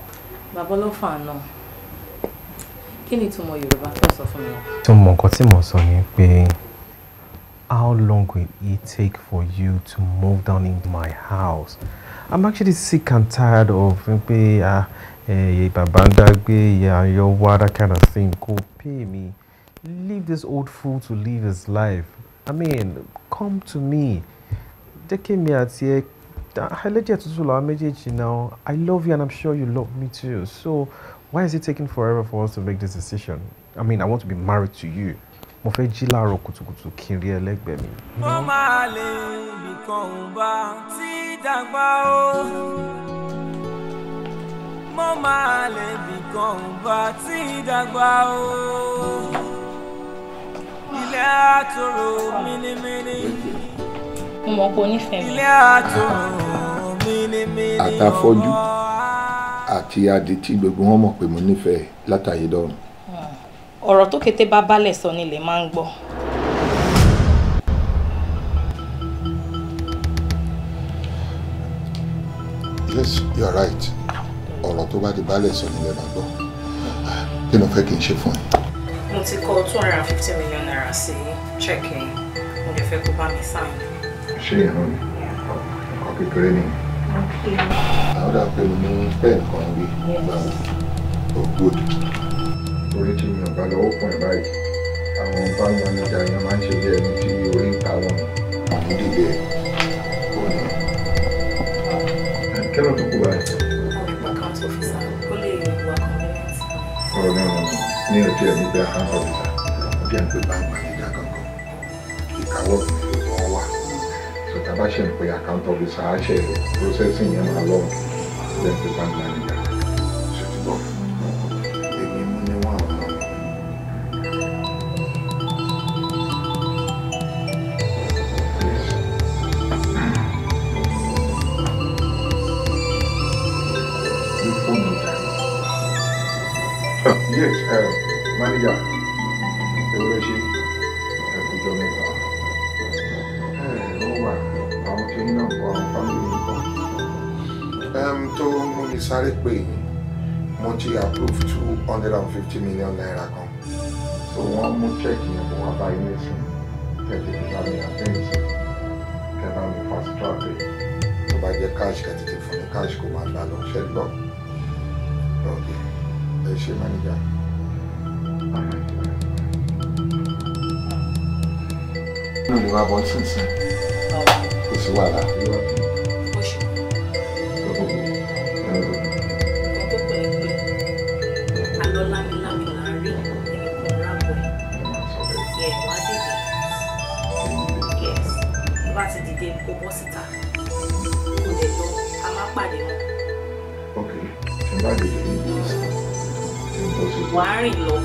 bàbá ló fà náà kí ni ìtumọ̀ yorùbá tó sọ fún mi. ìtumọ̀ nǹkan tí mo sọ ni pé how long will it take for you to move down into my house i'm actually sick and tired of pé ah, bàbá ń dágbé ìyá ayọ̀ wá that kind of thing kò pay me leave this old fool to live his life i mean come to me jẹ́ kí mi àti ẹ I you Haileji Atusula Mejeji now, I love you and I'm sure you love me too. So why is it taking forever for us to make this decision? I mean, I want to be married to you. Mo fẹ́ jí láàárọ̀ kùtùkùtù kí n rí mi. Ó máa lè nìkan ò bá ti dàgbà o. Mo máa lè nìkan ò bá ti dàgbà o. Ilé àtòrò mínímíní mo mọ̀ pé onífẹ̀ẹ́ mi. àtàfọ́jú àti adití gbogbo wọn mọ̀ pé mo nífẹ̀ẹ́ látàyè dọ́run. Hmm. ọ̀rọ̀ tó kété bá balẹ̀ sọ nílẹ̀ máa ń gbọ́. yes you are right ọ̀rọ̀ tó bá di balẹ̀ sọ nílẹ̀ máa gbọ́ kí ló fẹ́ kí n ṣe fún ẹ. mo ti kọ two hundred and fifty million naira sí check-in mo dẹ̀ fẹ́ kó bá mi sign ṣé yẹn náà ni ọkọ̀ kékeré ni àwọn dà pé mo ní bẹ́ẹ̀ kan wí gbà wò ó good orí tí mi ò bá lọ́wọ́ fún ẹ̀ báyìí àwọn bá ń yan ọjà yẹn máa ń ṣe bí ẹni tí orí ń ta wọn àmúdìgbẹ́ kò ní. kẹ́lọ́ tó kú báyìí. ọ̀rọ̀ náà ní ọjọ́ ẹ̀mí bẹ́ẹ̀ hàn ọ̀rọ̀ ọjọ́ ẹ̀mí bá ń gbà nígbà kankan ìkáwọ́ mi tá a bá ṣe ń pe account officer á ṣe processing yẹn máa lọ́wọ́ then to bank manager. Bauchi approve two hundred and fifty million naira kan so wọ́n mú check yẹn fún wa báyìí nísìn tẹ̀lé nígbà mi àfẹ́ǹtì tẹ̀lá mi fast track rẹ̀ tó bá jẹ́ cash kẹ̀tìtì fún mi cash kò máa gbà lọ ṣe gbọ́ ọ̀gẹ̀ ẹ ṣe manager. mi ò ní wá bọ́ sísìn kò sí wàhálà. wà á rìn lọ.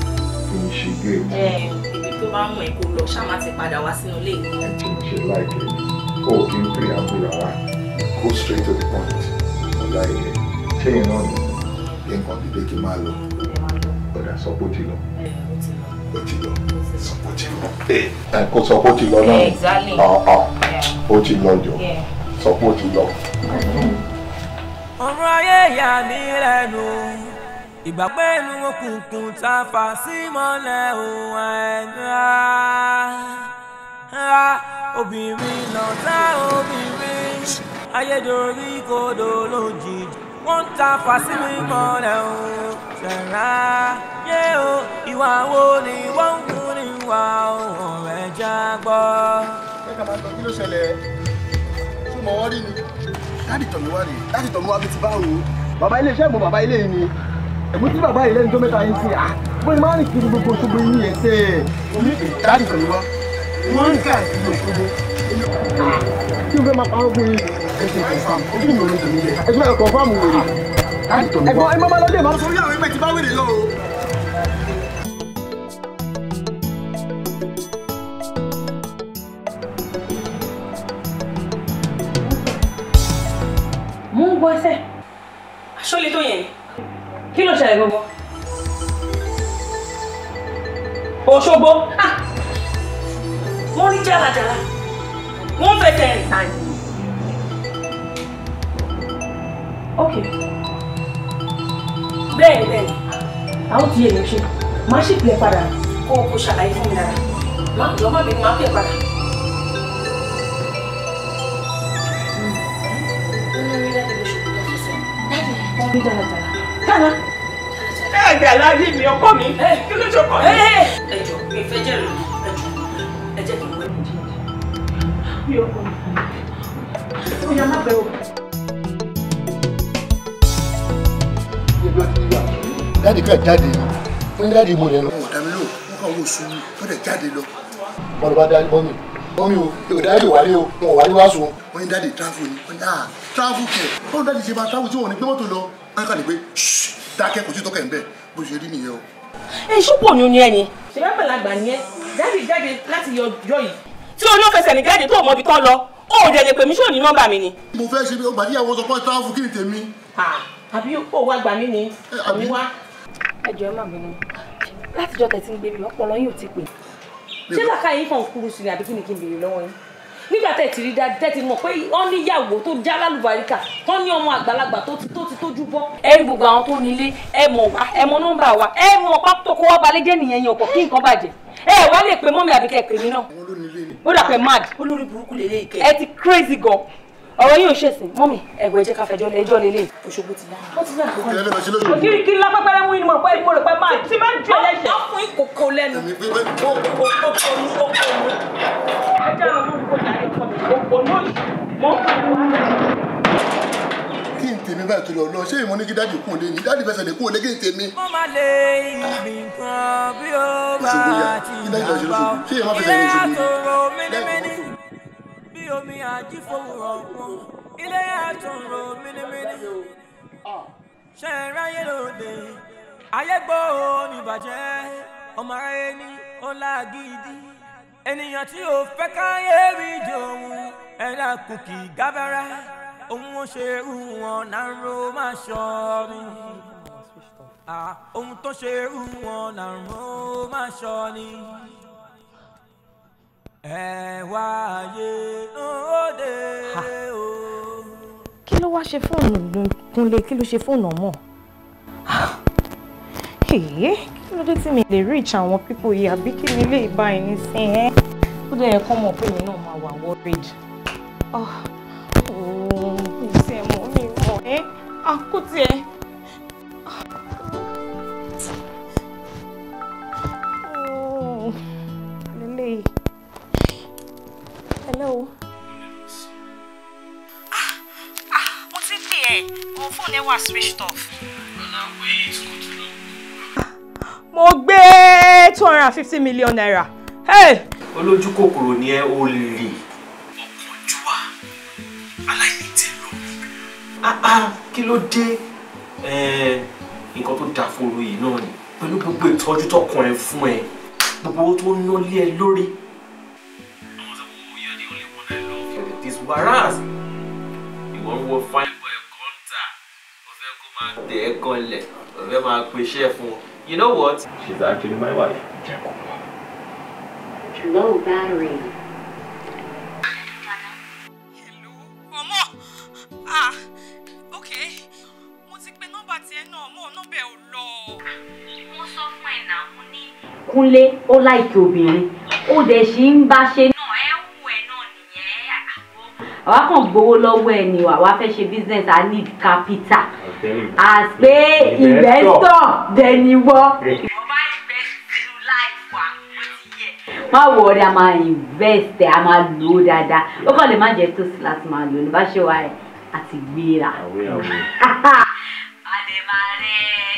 kì í ṣe gé e. ibi tó bá mọ̀ ẹ́ kó lọ ṣáà má ti padà wá sínú ilé ìwé. ẹ kì í pè àbú rárá go straight to the point ọ̀la ilẹ̀ ṣé iná ni kí nǹkan dídé kí n máa lọ ọ̀dà sọ pé ó ti lọ ó ti lọ sọ pé ó ti lọ ẹ kó sọ pé ó ti lọ náà ah, ah. ó ti lọ jọ sọ pé ó ti lọ. ọ̀rọ̀ ayé yà mí lẹ́nu ìgbà pẹ̀lú òkùnkùn tá a fà sí mọ́lẹ̀ òun ẹ̀gbá obìnrin lọ́tà obìnrin ayédorí kodò lójijì wọ́n ta fà sí mọ́lẹ̀ òun ṣẹ̀rá yé o ìwà wo ni wọ́n ń kú níwà òun rẹ̀ já gbọ́. ṣé kàmá sọ kí ló ṣẹlẹ̀ ṣé mo wọ́n rí ni dáàdì tọ̀mí wá rèé dáàdì tọ̀mí wá bí ti bá wò ó bàbá ilé iṣẹ́ mo bàbá ilé yìí ni ẹ̀gbọ́n tí bàbá yìí lẹ́nu tó mẹ́ta yín sí à bó ni máa ń kiri gbogbo ṣogbo yín yẹn ṣe é. omi ìdáàdì pẹ̀lú wa wọ́n ń kà sí gbogbo. kí n fẹ́ máa parọ́ pé ẹsẹ̀ kọ̀ọ̀fàm ojú mi ò lè tẹ̀lé jẹ ẹsẹ̀ bẹ́ẹ̀ kọ̀ọ̀fàm wèrè. ẹ̀gbọ́n ẹ má máa lọ dé ìbámu. sórí àwọn ẹgbẹ́ ti bá wèrè lọ o. mú ń gbọ́ ẹsẹ̀ aṣọ́lé tó yẹn ni kí ló ṣẹlẹ̀ gbogbo. Òṣogbo wọ́n rí jàlàjàlà wọ́n fẹsẹ̀ rìn tàn. ok bẹ́ẹ̀ni bẹ́ẹ̀ni àwọn ti yẹ lè ṣe máa ṣì pè é padà kó o kò ṣàlàyé fún mi dára máa jọ má bínú máa pè é padà. olórí dáadáa ló ṣe kó lọ fẹsẹ̀ dáadáa àgbà láyé mi ọkọ mi kí ló ṣe ọkọ mi. ẹ mi fẹ́ jẹ́ ìrìn ẹ jọ kí n wẹ̀ mí ọkọ mi. o. dáàdì ká jáde yìí ní dáàdì mo lọ. ọ̀dà mi lò ó kàn wò sùn ó dẹ̀ jáde lọ. wọn bá dá mọ́mì mọ́mì o ò dáàdì wálé o wọn ò wálé wá sùn. wọ́n ní dáàdì travel ni wọ́n ní ah kẹ̀ báwo dáàdì ṣe máa travel tí wọ́n ní gbé lọ. wọ́n kàn ní pé dákẹ́ kò sí tọ́kẹ́ ń bẹ́ẹ̀ bó ṣe rí nìyẹn o. ẹ ṣùpọ̀ ni o ní ẹyin. ṣèbá pàlàgbà ni ẹ jáde jáde láti yọ ọjọ́ yìí. tí o ní o fẹsẹ̀ ní jáde tó o mọ ibi tó lọ o ò jẹ̀jẹ̀ pé mi ṣé o ní nọ́mbà mi ni. mo fẹ́ ṣe o gbàdí àwọn sọpọ́ táwọn kí ni tèmi. àbí o wá gbà mí ni àbí wá. ẹ jọ ẹ má bínú látijọ́ tẹ̀ ti ń gbé mi ọpọlọ yín ò ti pè. ṣé làkàyè kan kúrú sí ni àbí kí ni kí n béèrè lọ́wọ́ yín nígbà tẹ̀ ti rí dájú tẹ̀ ti mọ̀ pé wọ́n níyàwó tó já lálùbáríkà wọ́n ní ọmọ àgbàlagbà tó ti tó ti tójú bọ́. ẹ rí gbogbo àwọn tó nílé ẹ mọ̀ wá ẹ mọ̀ nọ́mbà wa ẹ mọ̀ pátó kó wọ́n balẹ̀ jẹ́ nìyẹn yẹn ọkọ̀ kí nǹkan bàjẹ́ ẹ wá lè pè mọ́mí àbíkẹ́ pè náà ó dà pé mad olórí burúkú lè lè kẹ́ ẹ ti crazy gan ọ̀rọ̀ yóò ṣèsìn mọ́mì ẹ̀gbọ́n ẹ̀jẹ̀ káfẹ́jọ́ lé ẹjọ́ lélẹ̀ òṣogbo ti dáná. ó ti dáná kọ́ ọ́ kiri kiri lápẹ́pẹ́rẹ́ mú inú mọ̀ pé mo rò pé máa ti máa ń jọ ẹlẹ́ṣẹ̀. wọ́n fún ìkòkò lẹ́nu. kí n tèmi báyìí tó lọ lọ ṣé ìmọ̀ ní kí dájú kún un lé ní dájú fẹsẹ̀ lè kún un lé kí n tèmi. ó máa lè rìn kan bí ó bá ti yàgbá ó kí á tó rọ mínímíní omi àjífòwúrọ̀ wọn ilé ẹ̀tún ro mínímíní. ṣe ń ráyè lóde ayé gbọ́ omi ọmọ aráyé ní ọlá ènìyàn tí ò fẹ́ káyé rí jẹ òun ẹ̀dá kùkì gábára òun ó ṣe irú wọn náà ro má ṣọ mi. ohun tó ṣe irú wọn náà ro má ṣọ ni ẹ̀wà ayé lóde o. kí ló wá ṣe fóònù Kúnlé kí ló ṣe fóònù ọmọ kí ló dé tí mi lè reach àwọn pípò yìí àbí kí ni ilé ìbá ẹni sí ẹ ó dẹ̀ yẹ kọ́ mọ̀ pé mi náà máa wà worried ọ̀hún ah, kò sí ẹ̀ mọ́ mi mọ́ ẹ́ àkútì ẹ̀. lẹ́ ah, ah, mo ti pè ẹ́ mo fóònù ẹ switched off. mo gbé two hundred fifty million naira. olójú kòkòrò ni ẹ ò lè. ọ̀kánjúwà aláìnítẹ̀lọ́rùn. Ah, ah, kí ló dé nǹkan tó dáa fún oru yìí náà ni pẹ̀lú gbogbo ìtọ́jú tọkàn ẹ fún ẹ gbogbo owó tó ń ná lé ẹ lórí whereas ìwọ ń wo fine boy kọ́ńtà o fẹ́ kó máa tẹ ẹ́ kanlẹ̀ o fẹ́ máa pèsè you know what. she's actually my wife. low battery. hello ọmọ ah okay. Music, ti pe nọ́mbà tiẹ̀ No mo nọ́mbà ò lọ. mo sọ fún o náà mo ní. kúnlé ó láìkí àwa kàn gbowó lọ́wọ́ ẹ̀ ni àwa fẹ́ ṣe business i need capital as pé investor dẹni wọ́. ìwọ́n má wọrí a máa invest a máa lò ó dáadáa ó kàn lè má jẹ tó sí láti máa lò ní bá ṣe wá ẹ àti gbéra. àwẹ̀ àwẹ̀.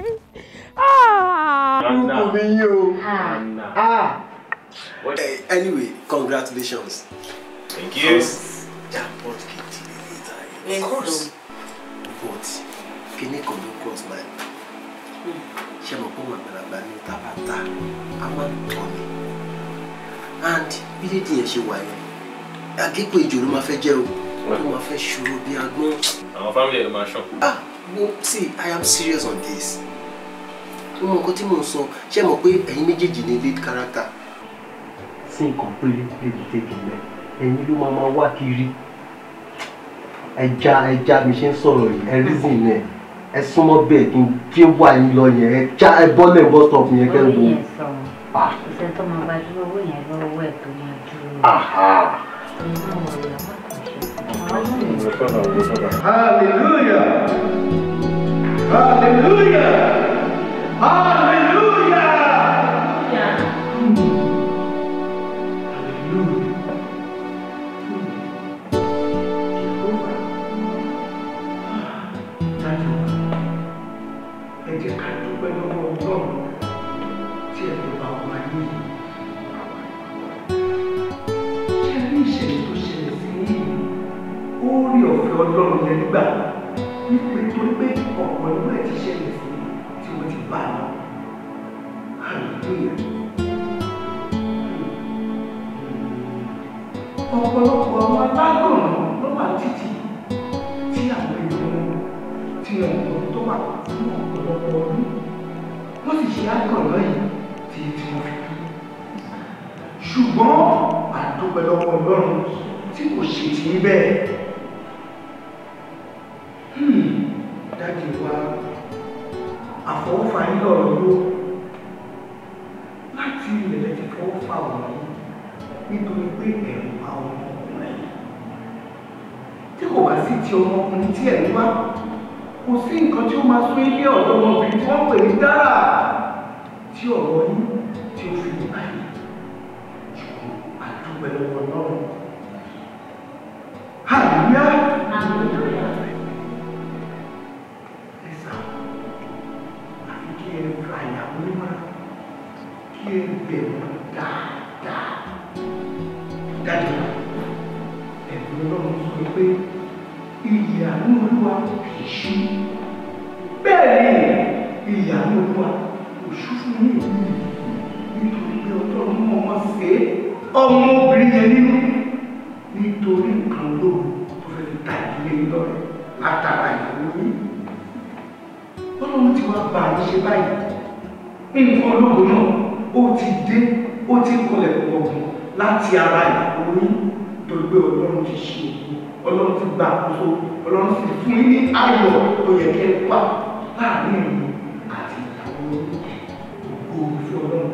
Ah! Ah. Ah. anyway congratulations. thank you. jackpot gidi le le ta ye. of course. but kíní kan ló cross my mind. ṣé mo kó màgbàlagbà ní tábàtà a máa ń tọ́ ni and bí dédé yẹn ṣe wà yẹn àgékò ìjò ló máa fẹ́ jẹ́ o ló máa fẹ́ ṣòro bí agbọ́n. àwọn fámìlì ẹ̀ ló máa ṣàn. ah no see i am serious on this ó mọ nǹkan tí mò ń sọ ṣé mọ̀ pé ẹ̀yin méjèèjì ni lead character. sí nǹkan completely mistake ńlẹ ẹ̀yin ló máa máa wá kiri ẹja ẹja mi ṣe ń sọ̀rọ̀ yìí ẹ reason náà ẹ súnmọ́ bẹ́ẹ̀ kí n tí wà yín lọ yẹn ẹ já ẹ bọ́lẹ̀ bọ́ stop yẹn kẹ́ wo. ìṣẹ́ ah. tó máa bá dúró owó yẹn lọ́wọ́ ẹ̀ tó máa dúró. Hallelujah! Hallelujah! ọlọ́run yẹn gbà wípé ọ̀pọ̀lọpọ̀ ọmọ agbágòrò ló wà títì tí àwọn ènìyàn ti ẹ̀wọ̀n tó wà fún ọ̀pọ̀lọpọ̀ ọdún wọ́n sì ṣe àgọ̀lọ́ yìí tí tí wọ́n fi kú. ṣùgbọ́n àdópẹ̀lọpọ̀ ọlọ́run tí kò ṣe tì í bẹ́ẹ̀. Hmm, dájú wa àfọwọ́fà ń lọ̀rọ̀ ló láti ilẹ̀ lẹ́tí fọwọ́fà ọ̀rọ̀ nítorí pé ẹ̀rù bá ọmọkùnrin tí kò bá sí ti ọmọkùnrin tí ẹ̀rù bá kò sí nǹkan tí ó máa sún ilé ọ̀dọ́ ọmọbìnrin tí wọ́n pè ní dára tí ọ̀rọ̀ yín tí ó fi báyìí ṣùgbọ́n àdúgbò ẹ̀rọ náà hallelujah. Kí ẹ ra ìyàwó ní kí ẹ bẹ̀rù dáadáa jáde ẹ̀bùn ọlọ́run sọ wípé ìyè àánú olúwa kì í ṣú bẹ́ẹ̀ ni ìyè àánú olúwa kò ṣú fún mi nítorí pé ọlọ́run mọ̀ wọ́n ṣe é ọmọbìnrin yẹn nínú nítorí nǹkan olóòrùn tó fẹ́ fi ta ìdílé lọ́rẹ̀ látara ìyàwó yìí ọlọ́run ti wá bá yín ṣe báyìí nǹkan olóòrùn náà ó ti dé ó ti kọlẹ̀ pọ̀ ọ̀gbìn láti ara ìkóyún torí pé ọlọ́run ti ṣe ọlọ́run ti gbà àkóso ọlọ́run ti fún yín ní ayọ̀ tó yẹ kẹ́ ẹ wá láàrin ìlú àti ìyàwó gbogbo òfin ọlọ́run.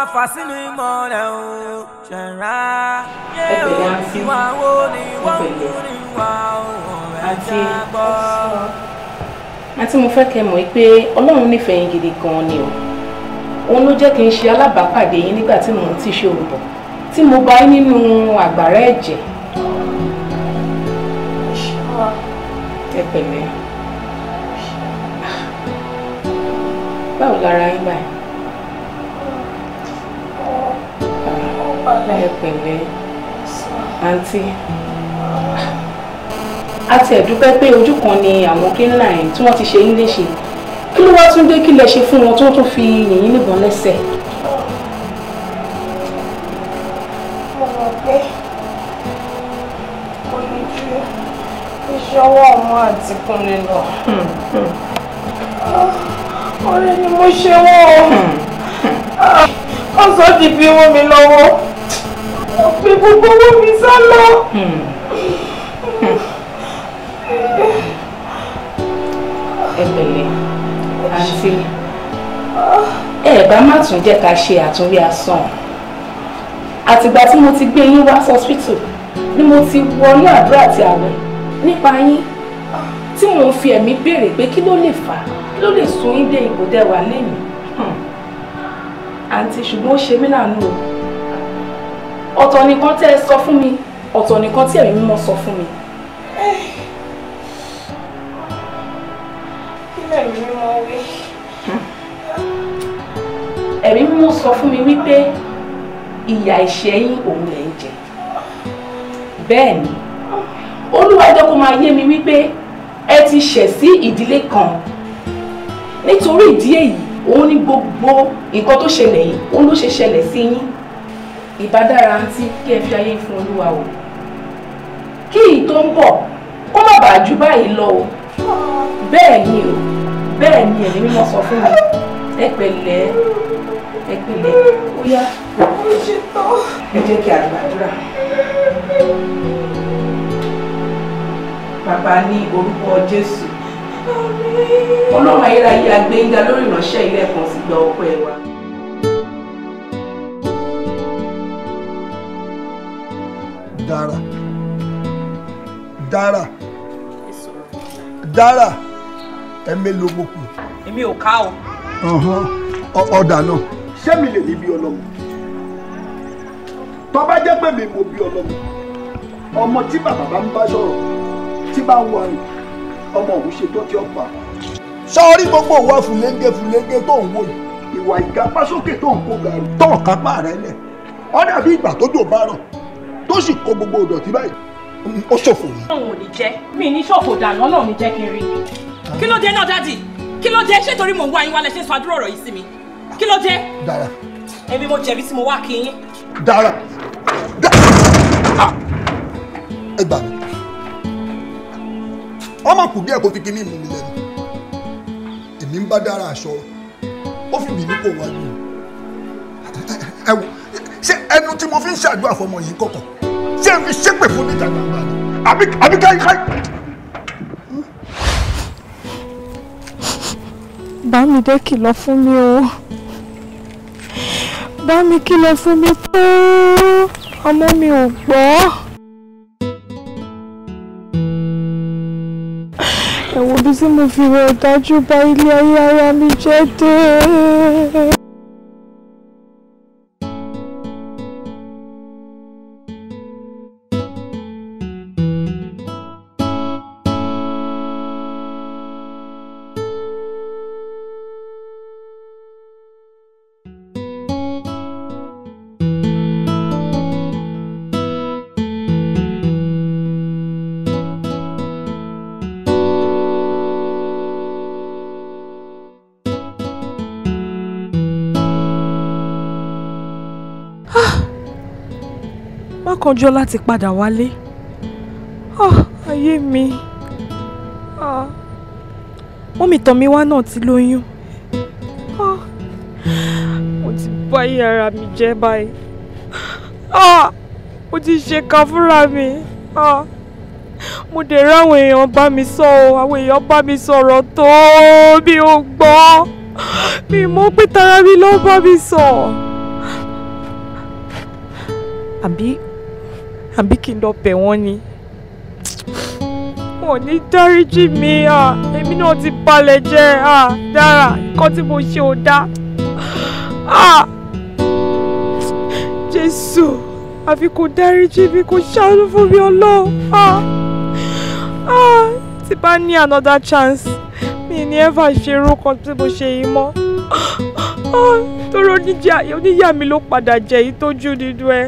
máa fà sínú ìmọ̀lẹ̀ o ṣẹ̀ra yé o ìwà wo ni wọ́n ń àti mo fẹ́ kẹ́ mọ̀ pé ọlọ́run nífẹ̀ẹ́ yín gidi gan ni o òun ló jẹ́ kí n ṣe alábàápàdé yín nígbà tí mò ń ti ṣe olùbọ̀ tí mo bá yín nínú àgbàrá ẹ̀jẹ̀. ẹ pẹ̀lẹ́ ah. báwo lára yín báyìí. ẹ pẹ̀lẹ́ àǹtí àti ẹ̀dúpẹ́ pé ojú kan ni àwọn kínlá ẹ̀ tí wọ́n ti ṣe yín léṣe kí ló wá tún dé kí lẹ ṣe fún wọn tó tún fi yìnyín níbọn lẹ́sẹ̀. mo mọ̀ pé kò ní ju iṣẹ́ ọwọ́ ọmọ àti kúnlẹ̀ lọ. Hmm, hmm. Ah, ni mo ṣe wọ́n o. ọ̀sán ti fi wọ́n mi lọ́wọ́ pé gbogbo owó mi sá lọ. Hmm. ẹ pẹ̀lẹ́ àǹtí ẹ bá má tún jẹ́ ká ṣe àtúnwí asán àtìgbà tí mo ti gbé yín wá sọ́spítù ni mo ti wọnú àdúrà àti àwẹ̀ nípa yín tí mo ń fi ẹ̀mí béèrè pé kí ló lè fà á kí ló lè sún yín dé ipò tẹ́ lẹ́yìn hmm. àǹtí ṣùgbọ́n ó ṣe mí láàánú o ọ̀tọ̀ nìkan tẹ́ ẹ sọ fún mi ọ̀tọ̀ nìkan tí ẹ̀mí mímọ́ sọ fún mi. kílẹ̀ mi mímọ́ wí. ẹ̀mí mímọ́ sọ fún mi wípé ìyà ìṣẹ́ yín òun lẹ̀ ń jẹ bẹ́ẹ̀ ni olúwa ẹjọ́ máa yé mi wípé ẹ ti ṣẹ̀ sí ìdílé kan nítorí ìdí èyí òun ni gbogbo nǹkan tó ṣẹlẹ̀ yìí òun ló ṣe ṣẹlẹ̀ sí yín ìbádára àǹtí kí ẹ fi ayé fún olúwa o kí ì tó ń bọ̀ kó má bàa jù báyìí lọ o bẹ́ẹ̀ ni o bẹ́ẹ̀ ni ẹ̀mí mímọ́ sọ fún mi ẹ pẹ̀lẹ́ ẹ pẹ̀lẹ́ ó yá ẹ jẹ́ kí a gbàdúrà bàbá ní orúkọ Jésù ọlọ́run ayérayé agbẹ́ńgá lórí ìránṣẹ́ ilé ẹ̀kan sì gba ọpẹ́ wa. Dara, Dara, dára ẹ mélòó mo kù. èmi ò ká o. ọ̀dà náà ṣé mi lè ní bí ọlọ́mọ tó bá jẹ́ pé mi mo bí ọlọ́mọ ọmọ tí bàbá bá ń bá sọ̀rọ̀ tí bá ń wà rìn ọmọ òun ṣe tó ti ọ pa. sọ́ọ́rí gbogbo òwa fùlẹ́ńgẹ fùlẹ́ńgẹ tó ń wò yìí ìwà ìkápá sókè tó ń kó gàrú tó ń kápá rẹ lẹ̀ ọ́ dàbí ìgbà tó jò bá rọ̀ tó sì kó gbogbo ìdọ̀tí báyìí ó ṣòfò ni. ọlọ́run ò ní jẹ́ mi ní ṣòfò dànù ọlọ́run ní jẹ́ kí n rí kí ló dé náà dádì kí ló dé ṣé torí mò ń wá yín wá lẹ ṣe ń sọ àdúrà ọ̀rọ̀ yìí sí mi kí ló dé. dára. èmi mo jẹ̀bi tí mo wá kí yín. dára ah! ẹ gbà mí ọmọ kù díẹ̀ kó fi kíní mi lẹ́nu èmi ń bá dára aṣọ ó fi mí nípò wájú ẹ wò ṣé ẹnu tí mo fi ń ṣàdúrà fọmọ yìí kọ̀kọ̀ ṣé n fi ṣépè fún níta gbangba ni àbí àbí káyíkáyí. bámidé kìlọ̀ fún mi o bámi kìlọ̀ fún mi tó ọmọ mi ò gbọ́. ẹ bí tí mo fi rẹ̀ dájú bá ilé ayé ara mi jẹ́ dé. kánjú láti padà wálé ah, ayé mi ah. mọ́mì tọ̀mí wá náà ti lóyún ah. mo ti báyé ara mi jẹ́ báyìí mo ti ṣe ká fúnra mi mo dẹ̀ ráwọn èèyàn bá mi sọ ọ́ àwọn èèyàn bá mi sọ̀rọ̀ tó mi ò gbọ́ mi mọ̀ pé tara mi ló bá mi sọ. àbí àbí kí n lọ bẹ̀ wọ́n ni wọn ò ní dáríjì mi èmi náà ti balẹ̀ jẹ́ dára nǹkan tí mo ṣe ò dá Jésù àfi kò dáríjì mi kò ṣàánú fún mi Ọlọ́run tí bá ní another chance mi ní ẹ́fà ṣe irú kan tí mo ṣe yìí mọ́ tóró oníyà mi ló padà jẹ́ ìtọ́jú nínú ẹ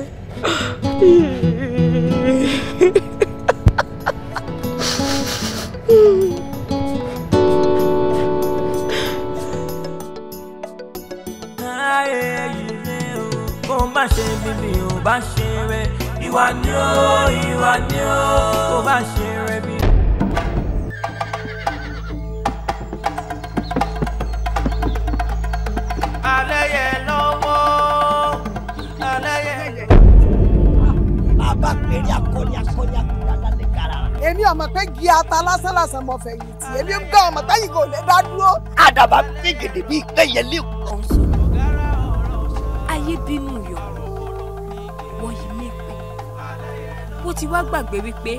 bá ṣe bíbí ò bá ṣe rẹ ìwà ni ó ìwà ni ó kò bá ṣe. mọ̀ pé gí ata lásán lásán mọ̀ fẹ̀yìntì èmi ń gbà ọmọ táyì kò lè dá dúró. àdàbà gbẹ̀gẹ̀dẹ̀ bíi gbẹ̀yẹlé. ayé bínú yọ wọ́n yìí mẹ́pẹ́ wọ́n ti wá gbàgbé wípé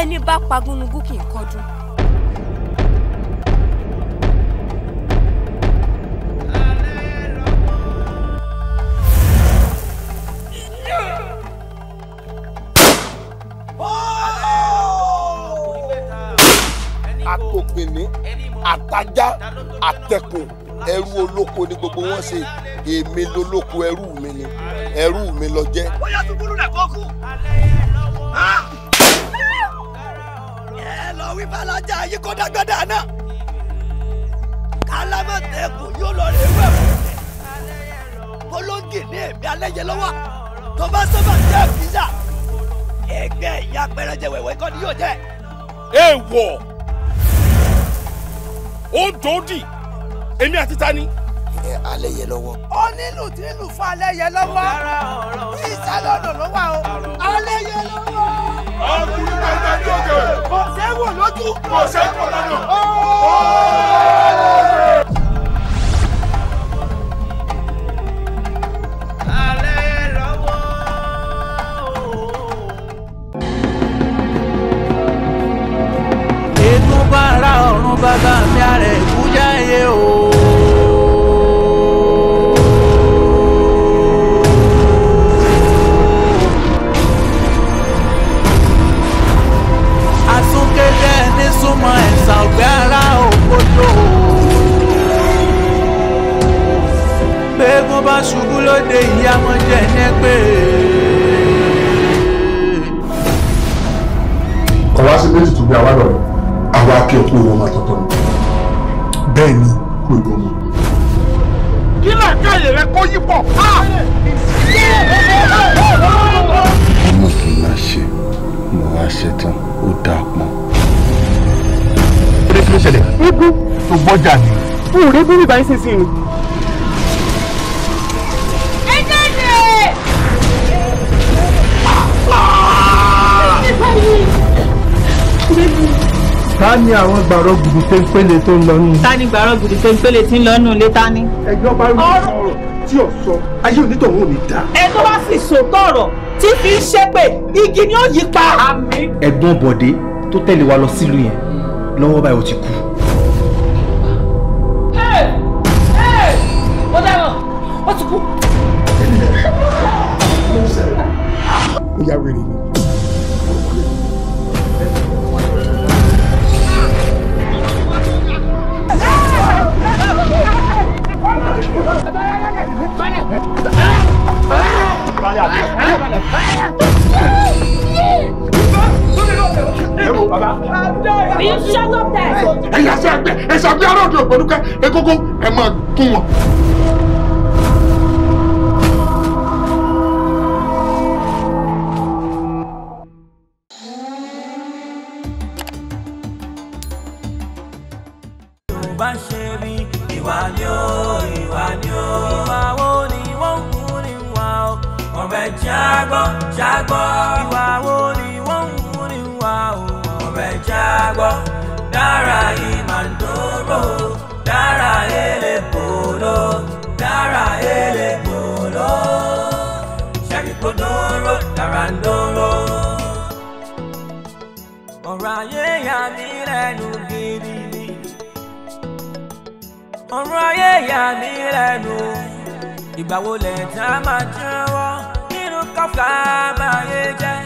ẹni bá pagúnugún kì í kọ́dún. àtajá àtẹkùn ẹrú olóko ni gbogbo wọn ṣe èmi lolóko ẹrú mi ni ẹrú mi ló jẹ́. bóyá tuntun rẹ̀ kọ́ kù. Ah! ẹ lọ wí balaja yìí kó dágbádá náà kálámọ̀tẹ́kùn yóò lọ rí ewé fún polongi ní èmi alẹ́yẹ lọ́wọ́ tó bá sọ́mà jẹ́ pizza ẹgbẹ́ ìyá pẹrẹjẹ wẹ̀wẹ̀ kọ́ ni yóò jẹ́. èèwọ̀ ó dòódì èmi àti tani. ẹ alẹ́ yẹ lọ́wọ́. onílù tí lù fún alẹ́ yẹ lọ́wọ́ ìsàlọ́dọ̀ ló wà o alẹ́ yẹ lọ́wọ́. ọkùnrin náà ta ní òkè. kò sẹ́wò lójú. kò sẹ́wò lọ́dọ̀. Bye-bye. bá ṣubú lóde ìyá mọ́ jẹ́ ní pé. ọ̀wá sí méjì tó bí àwa lọ àwa kí ọkọ ìwọ máa tọ̀tọ̀ ni bẹ́ẹ̀ ni kú ìwọ mọ́. kí làákàyè rẹ kó yí pọ̀ ọmọ kì í máa ṣe mo wá ṣetán ó dáa pọn. orí kí ló ṣẹlẹ̀. eégún tó bọ́jà ni. mo ò rí bí bíbá yín ṣe sí ni. ta ni àwọn gbàrọ gidi tó ń pélé tó ń lọnù. ta ni gbàrọ gidi tó ń pélé tí ń lọnù lé ta ni. ẹjọ́ bá wí ọ̀rọ̀ tí ò sọ ayé onítọ̀hún ò ní dá. ẹ tó bá sì sòótọ́ ọ̀rọ̀ tí fi ń ṣépè igi ni ó yí pa. àmín. ẹ̀gbọ́n bọ̀dé tó tẹ̀lé wa lọ sílùú yẹn lọ́wọ́ báyìí ó ti kú. ó dáhùn ó ti kú. ó yà wèrè ni. balẹ̀ You shut up there. Ẹ̀yà sí àgbẹ̀ ẹ̀sàgbé aráàlú ògbólúkẹ́ egungun ẹ̀ máa gún wọn. jágbọ́ jágbọ́. ìwà wo ni wọ́n ń mú ní wa o. ọ̀rẹ́ jágbọ́ dára ìmàdóró dára ele polo dára ele polo. ṣẹ́gi podoro dára ń dóró. ọ̀rọ̀ ayé yà mí lẹ́nu gidi ni. ọ̀rọ̀ ayé yà mí lẹ́nu. ìgbà wo lẹ̀ tá a máa jẹ́wọ́ kọ́fà báyé jẹ́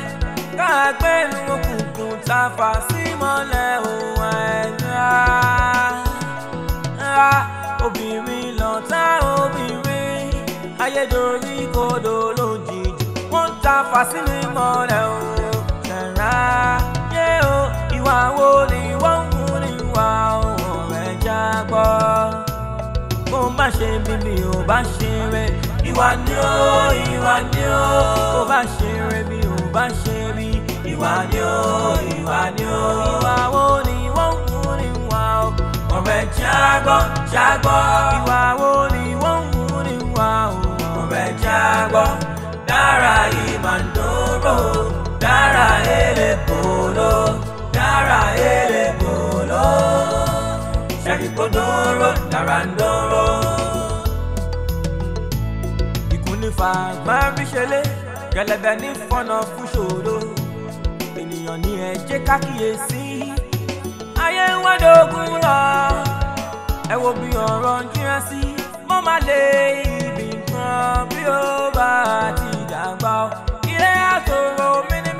káàgbélu òkùnkùn tá a fà sí mọ́lẹ̀ òun ẹ̀dá. obìnrin lọ́tà obìnrin ayédorí kodò lójijì wọ́n ta fà sí mi mọ́lẹ̀ òun ẹ̀dá. yé o ìwà wo ni wọ́n ń kú níwà òun ẹ̀já gbọ́ bó bá ṣe bíbí ò bá ṣe rẹ ìwà ni ó ìwà ni ó bó bá ṣe rẹ bí ò bá ṣe bí ìwà ni ó ìwà ni ó ìwà wo ni wọ́n ń mú ní wà ó ọ̀rẹ́ jágbọ́ jágbọ́ ìwà wo ni wọ́n ń mú ní wà ó ọ̀rẹ́ jágbọ́ dára ìmàdóró dára èlé polo dára èlé polo ẹ̀ríkò dọ́rọ̀ dára ń dọ́rọ̀. ìkúnnífà máa ń ṣẹlẹ̀ gẹlẹbẹ ní fọ́nà fún ṣòro ènìyàn ní ẹ jẹ́ ká kíyèsí ayé ń wádógún lọ ẹ wo bí ọ̀rọ̀ ń jíra sí mọ́ máa lè ibì kan bí ó bá ti dàgbà ilé àtòrò mi ní.